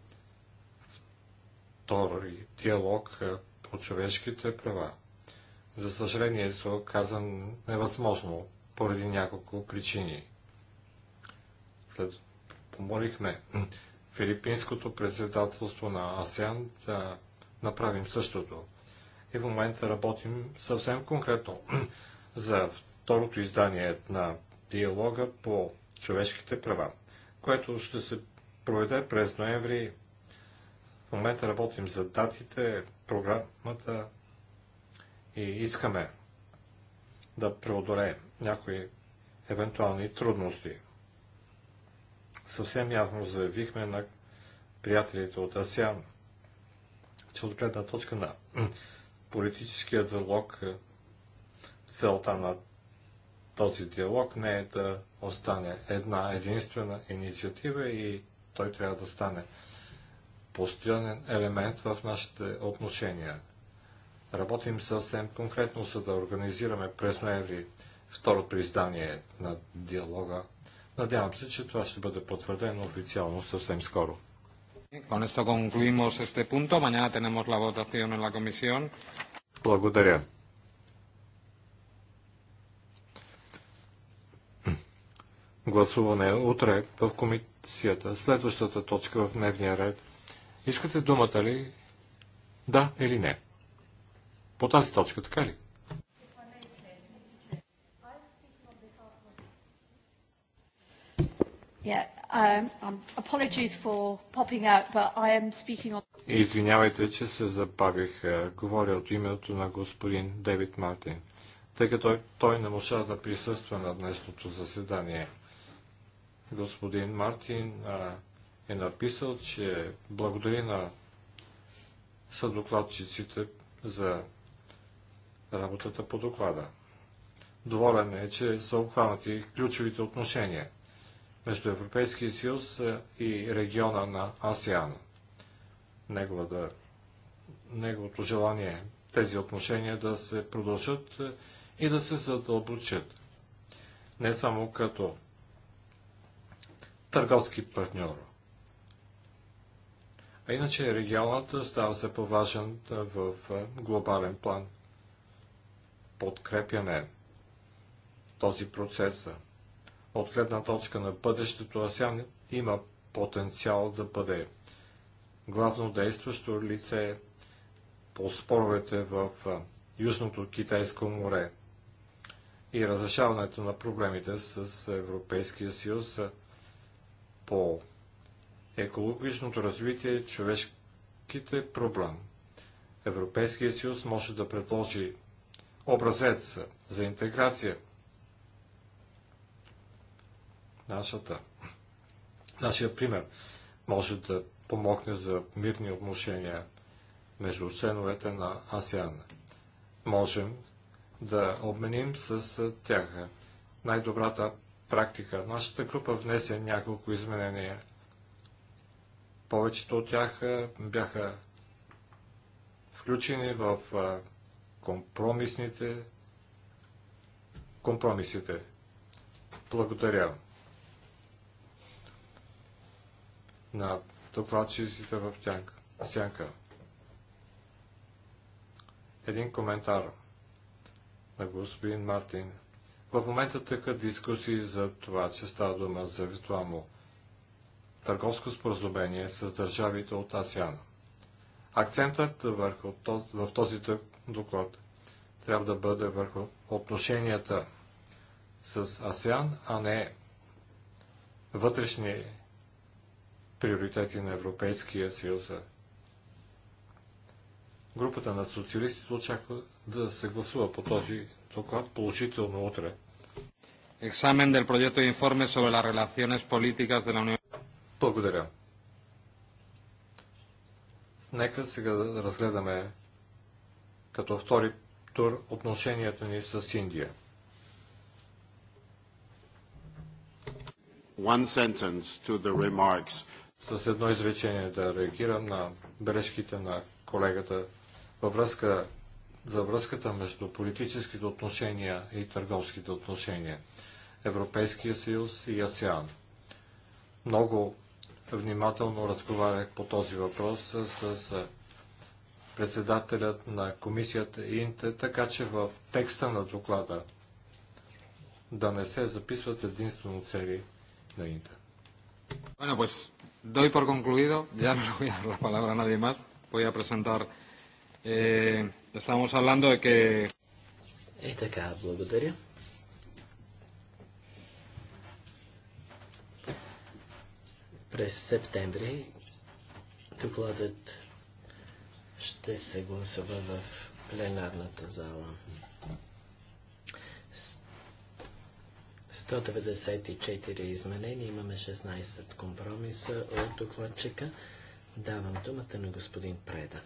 втори диалог по човешките права за съжаление се оказа невъзможно поради няколко причини. След помолихме Филипинското председателство на АСЕАН да направим същото. И в момента работим съвсем конкретно за второто издание на диалога по човешките права, което ще се проведе през ноември. В момента работим за датите, програмата, и искаме да преодолеем някои евентуални трудности. Съвсем ясно заявихме на приятелите от АСИАН, че от гледна точка на политическия диалог, целта на този диалог не е да остане една единствена инициатива и той трябва да стане постоянен елемент в нашите отношения – Работим съвсем конкретно, за да организираме през ноември второто издание на диалога. Надявам се, че това ще бъде потвърдено официално съвсем скоро. Con esto concluimos este punto. Mañana tenemos la votación en la comisión. Благодаря. Гласуване утре в комисията. Следващата точка в дневния ред. Искате думата ли? Да или не? по тази точка, така ли? Um, um, Извинявайте, че се забавих. Е, говоря от името на господин Девид Мартин, тъй като той, той не можа да присъства на днешното заседание. Господин Мартин а, е написал, че благодари на съдокладчиците за работата по доклада. Доволен е, че са обхванати ключовите отношения между Европейския съюз и региона на АСИАН. Неговата, неговото желание тези отношения да се продължат и да се задълбочат. Не само като търговски партньор. А иначе регионът става се поважен в глобален план – подкрепяме този процес. От гледна точка на бъдещето АСЯН има потенциал да бъде главно действащо лице по споровете в Южното Китайско море и разрешаването на проблемите с Европейския съюз по екологичното развитие човешките проблем. Европейския съюз може да предложи образец за интеграция. Нашата, нашия пример може да помогне за мирни отношения между членовете на АСЕАН. Можем да обменим с тях най-добрата практика. Нашата група внесе няколко изменения. Повечето от тях бяха включени в компромисните компромисите. Благодаря на докладчиците в сянка. Един коментар на господин Мартин. В момента така дискусии за това, че става дума за виртуално търговско споразумение с държавите от Асиана. Акцентът върху, в този доклад трябва да бъде върху отношенията с АСЕАН, а не вътрешни приоритети на Европейския съюз. Групата на социалистите очаква да се гласува по този доклад положително утре. Екзамен del proyecto и информе sobre las relaciones políticas de la Unión. Благодаря. Нека сега разгледаме като втори тур отношенията ни с Индия. One sentence to the remarks. С едно изречение да реагирам на бележките на колегата във връзка за връзката между политическите отношения и търговските отношения. Европейския съюз и АСЕАН. Много внимателно разговарях по този въпрос с председателят на комисията Инте, така че в текста на доклада да не се записват единствено цели на Инте. Bueno, pues doy por concluido, ya no voy a dar la palabra a nadie más, voy a presentar, eh, estamos hablando de que... Este е acá, благодаря. През септември докладът ще се гласува в пленарната зала. 194 изменения, имаме 16 компромиса от докладчика. Давам думата на господин Преда.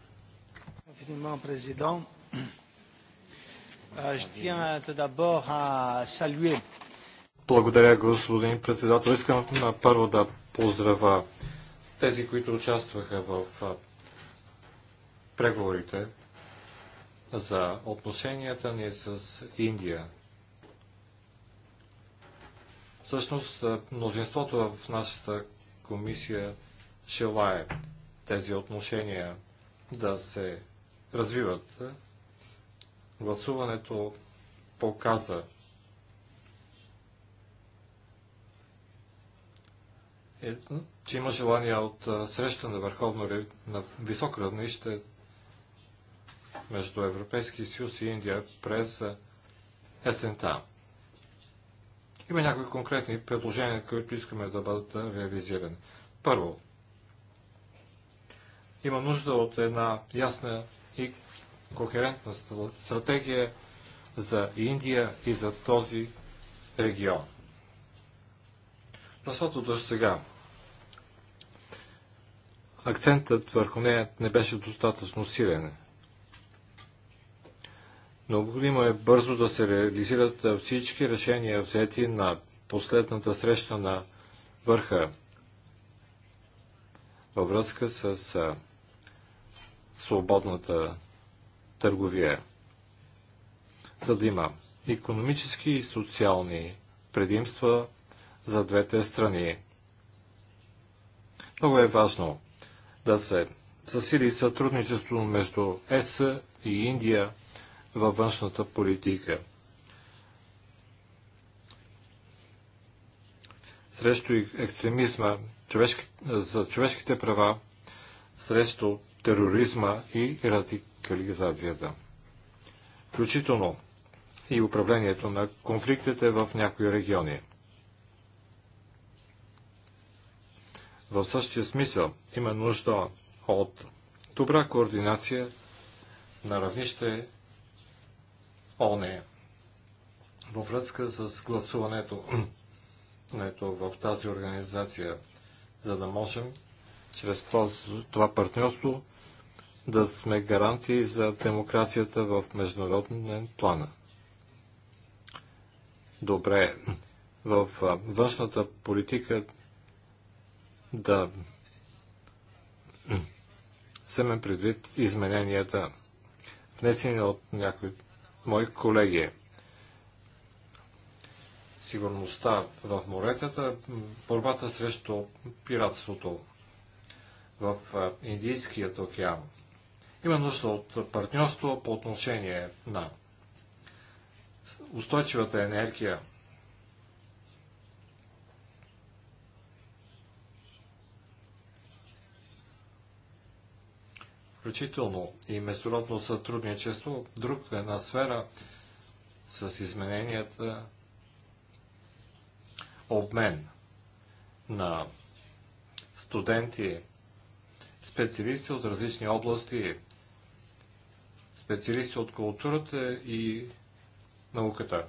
благодаря, господин председател. Искам първо да поздравя тези, които участваха в преговорите за отношенията ни с Индия. Всъщност, мнозинството в нашата комисия желае тези отношения да се развиват. Гласуването показа е, че има желание от среща на върховно на високо равнище между Европейския съюз и Индия през есента. Има някои конкретни предложения, които искаме да бъдат реализирани. Първо, има нужда от една ясна и кохерентна стратегия за Индия и за този регион. Защото до сега акцентът върху нея не беше достатъчно силен. Необходимо е бързо да се реализират всички решения взети на последната среща на върха във връзка с свободната търговия, за да има економически и социални предимства за двете страни. Много е важно да се засили сътрудничество между ЕС и Индия – във външната политика. Срещу екстремизма, човешки, за човешките права, срещу тероризма и радикализацията. Включително и управлението на конфликтите в някои региони. В същия смисъл има нужда от добра координация на равнище ОНЕ. Във връзка с гласуването ето, в тази организация, за да можем чрез този, това партньорство да сме гарантии за демокрацията в международен план. Добре, в външната политика да вземем предвид измененията, внесени от някои мои колеги. Сигурността в моретата, борбата срещу пиратството в Индийският океан. Има нужда от партньорство по отношение на устойчивата енергия, включително и международно сътрудничество, друг една сфера с измененията обмен на студенти, специалисти от различни области, специалисти от културата и науката.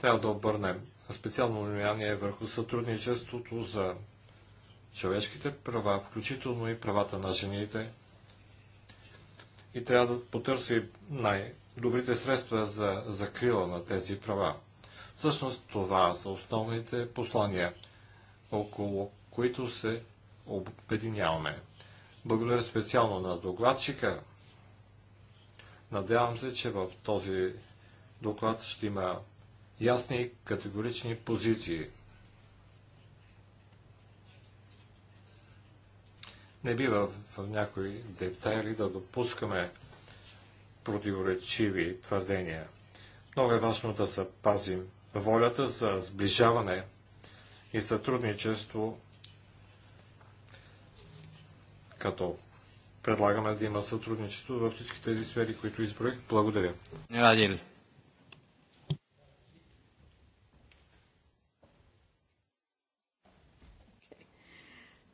Трябва да обърнем специално внимание върху сътрудничеството за човешките права, включително и правата на жените. И трябва да потърси най-добрите средства за закрила на тези права. Всъщност това са основните послания, около които се обединяваме. Благодаря специално на докладчика. Надявам се, че в този доклад ще има ясни категорични позиции Не бива в някои детайли да допускаме противоречиви твърдения. Много е важно да запазим волята за сближаване и сътрудничество, като предлагаме да има сътрудничество във всички тези сфери, които изброих. Благодаря. Радили.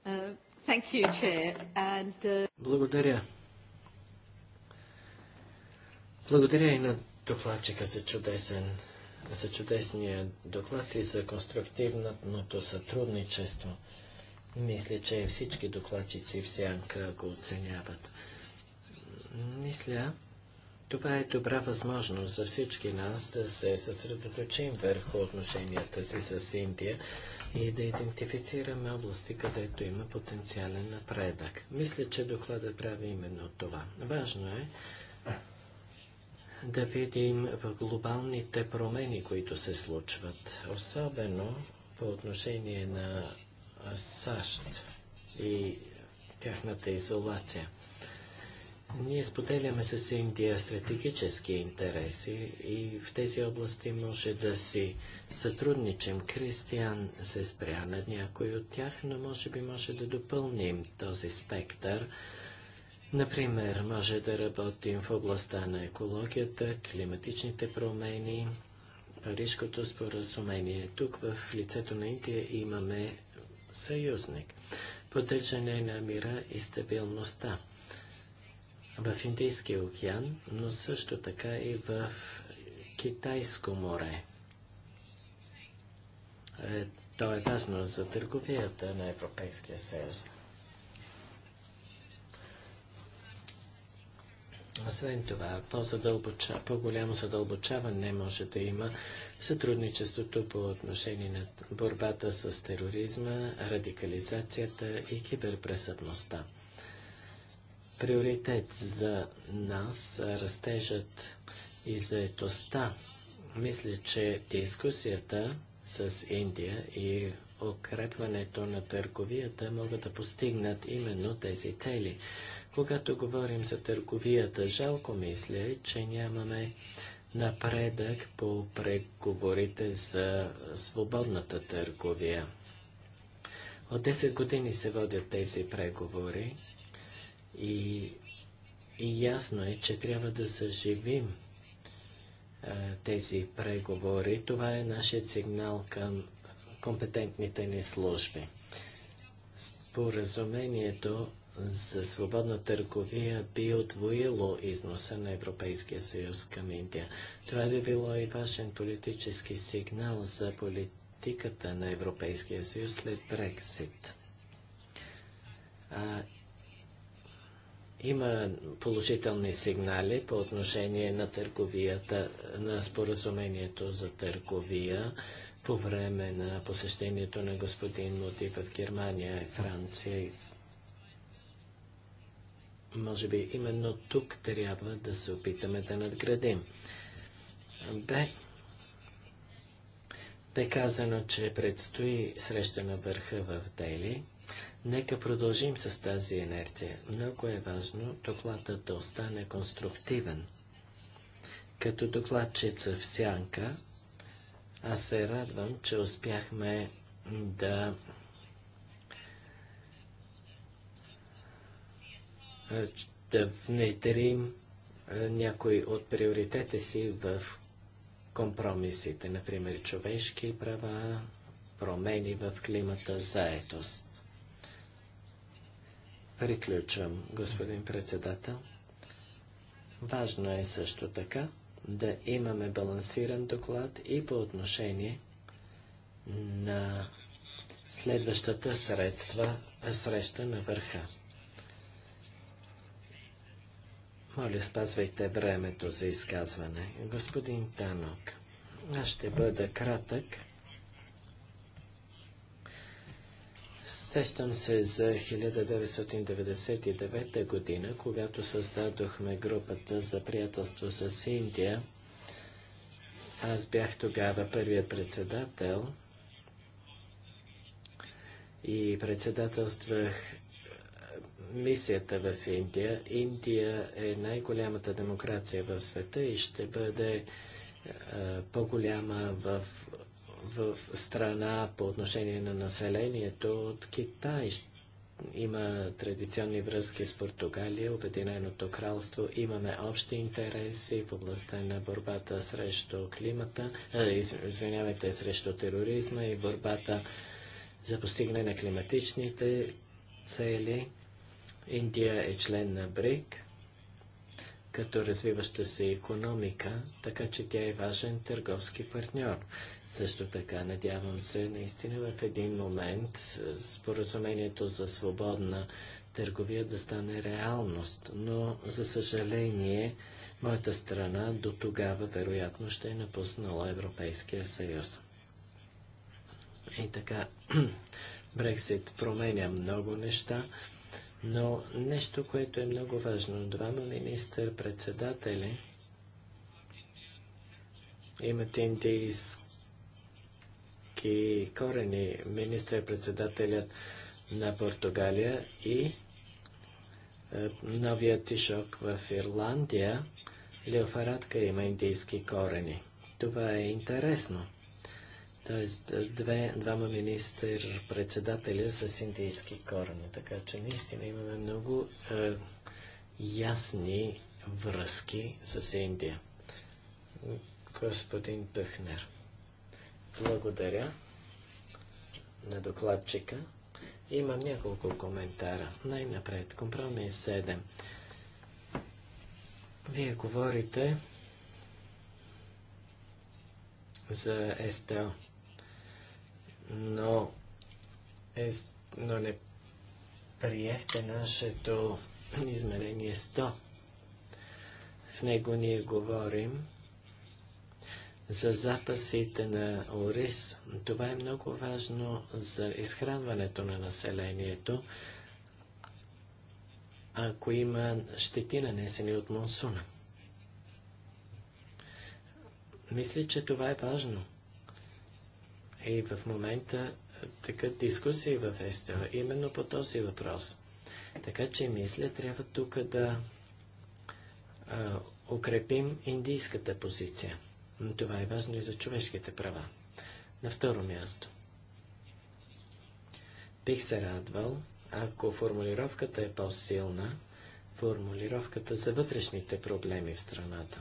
Uh... You, And, uh... Благодаря. Благодаря и на докладчика за, чудесен, за чудесния доклад и за конструктивното сътрудничество. Мисля, че всички докладчици в Сянка го оценяват. Мисля, това е добра възможност за всички нас да се съсредоточим върху отношенията си с Индия, и да идентифицираме области, където има потенциален напредък. Мисля, че доклада прави именно това. Важно е да видим в глобалните промени, които се случват, особено по отношение на САЩ и тяхната изолация. Ние споделяме с Индия стратегически интереси и в тези области може да си сътрудничим. Кристиан се спря на някой от тях, но може би може да допълним този спектър. Например, може да работим в областта на екологията, климатичните промени, Парижкото споразумение. Тук в лицето на Индия имаме съюзник. Поддържане на мира и стабилността в Индийския океан, но също така и в Китайско море. Е, то е важно за търговията на Европейския съюз. Освен това, по-задълбоча, по-голямо задълбочаване може да има сътрудничеството по отношение на борбата с тероризма, радикализацията и киберпресъдността приоритет за нас растежът и заетостта. Мисля, че дискусията с Индия и укрепването на търговията могат да постигнат именно тези цели. Когато говорим за търговията, жалко мисля, че нямаме напредък по преговорите за свободната търговия. От 10 години се водят тези преговори и, и ясно е, че трябва да съживим а, тези преговори. Това е нашият сигнал към компетентните ни служби. Споразумението за свободна търговия би отвоило износа на Европейския съюз към Индия. Това би било и важен политически сигнал за политиката на Европейския съюз след Брексит. А, има положителни сигнали по отношение на търговията, на споразумението за търговия по време на посещението на господин Моди в Германия и Франция може би именно тук трябва да се опитаме да надградим. Бе, бе казано, че предстои среща на върха в Дели – Нека продължим с тази инерция. Много е важно докладът да остане конструктивен. Като докладчица в сянка, аз се радвам, че успяхме да да внедрим някои от приоритетите си в компромисите, например човешки права, промени в климата, заетост. Приключвам, господин председател. Важно е също така да имаме балансиран доклад и по отношение на следващата средства, среща на върха. Моля, спазвайте времето за изказване. Господин Танок, аз ще бъда кратък. Сещам се за 1999 година, когато създадохме групата за приятелство с Индия. Аз бях тогава първият председател и председателствах мисията в Индия. Индия е най-голямата демокрация в света и ще бъде по-голяма в в страна по отношение на населението от Китай. Има традиционни връзки с Португалия, Обединеното кралство. Имаме общи интереси в областта на борбата срещу климата, извинявайте, срещу тероризма и борбата за постигане на климатичните цели. Индия е член на БРИК като развиваща се економика, така че тя е важен търговски партньор. Също така, надявам се, наистина в един момент споразумението за свободна търговия да стане реалност, но за съжаление моята страна до тогава вероятно ще е напуснала Европейския съюз. И така, Брексит променя много неща. Но нещо, което е много важно, двама министър-председатели имат индийски корени. Министър-председателят на Португалия и е, новия тишок в Ирландия, Леофарадка има индийски корени. Това е интересно. Тоест, две, двама министър-председателя с индийски корени. Така че наистина имаме много е, ясни връзки с Индия. Господин Пъхнер, благодаря на докладчика. Имам няколко коментара. Най-напред, компромис 7. Вие говорите за СТО но, е, но не приехте нашето измерение 100. В него ние говорим за запасите на ориз. Това е много важно за изхранването на населението, ако има щети нанесени от монсуна. Мисля, че това е важно и в момента е, такът дискусии в ЕСТО, именно по този въпрос. Така че, мисля, трябва тук да а, укрепим индийската позиция. Но това е важно и за човешките права. На второ място. Бих се радвал, ако формулировката е по-силна, формулировката за вътрешните проблеми в страната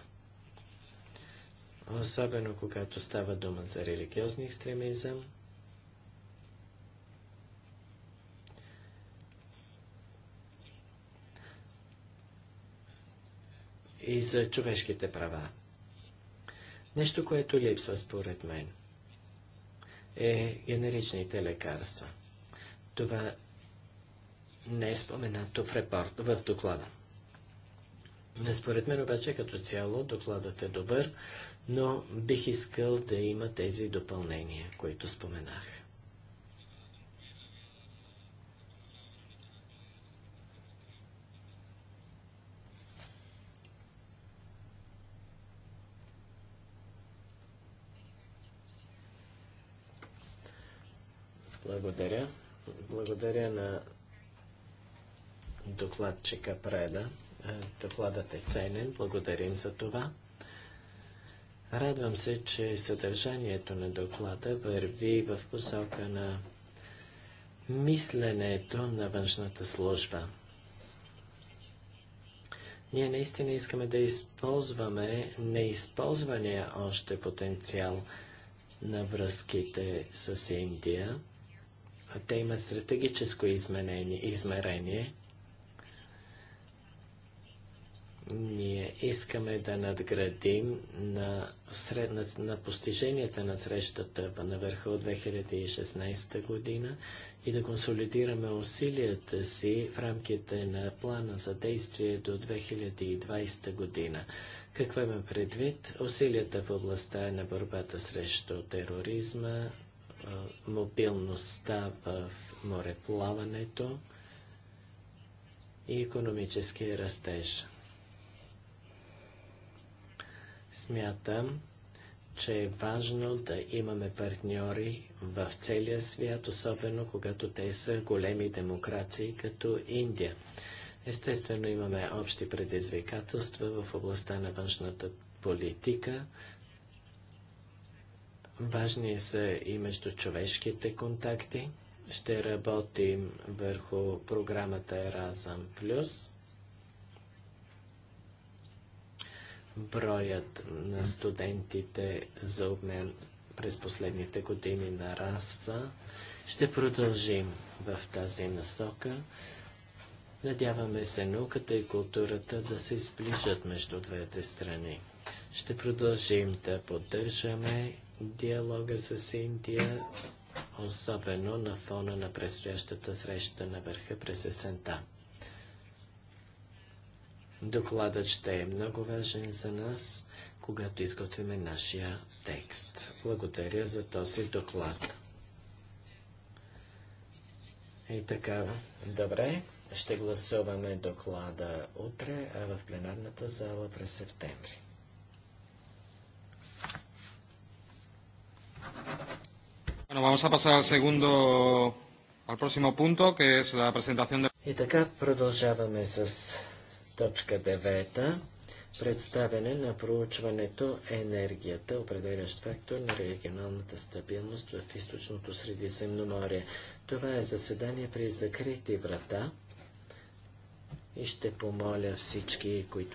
особено когато става дума за религиозни екстремизъм. и за човешките права. Нещо, което липсва според мен, е генеричните лекарства. Това не е споменато в, репорт, в доклада. Според мен обаче като цяло докладът е добър но бих искал да има тези допълнения, които споменах. Благодаря. Благодаря на докладчика Преда. Е, докладът е ценен. Благодарим за това. Радвам се, че съдържанието на доклада върви в посока на мисленето на външната служба. Ние наистина искаме да използваме неизползвания още потенциал на връзките с Индия. Те имат стратегическо измерение Ние искаме да надградим на, сред, на, на постиженията на срещата на върха от 2016 година и да консолидираме усилията си в рамките на плана за действие до 2020 година. Какво има предвид? Усилията в областта на борбата срещу тероризма, мобилността в мореплаването и економическия растеж. Смятам, че е важно да имаме партньори в целия свят, особено когато те са големи демокрации като Индия. Естествено имаме общи предизвикателства в областта на външната политика. Важни са и между човешките контакти. Ще работим върху програмата Erasmus+. Броят на студентите за обмен през последните години нараства. Ще продължим в тази насока. Надяваме се науката и културата да се сближат между двете страни. Ще продължим да поддържаме диалога с Индия, особено на фона на предстоящата среща на върха през есента. Докладът ще е много важен за нас, когато изготвяме нашия текст. Благодаря за този доклад. И така, добре, ще гласуваме доклада утре, а в пленарната зала през септември. Bueno, vamos a pasar al segundo, al próximo punto, que es la presentación de... И така продължаваме с Точка 9. Представяне на проучването енергията, определящ фактор на регионалната стабилност в източното Средиземноморие. Това е заседание при закрити врата и ще помоля всички, които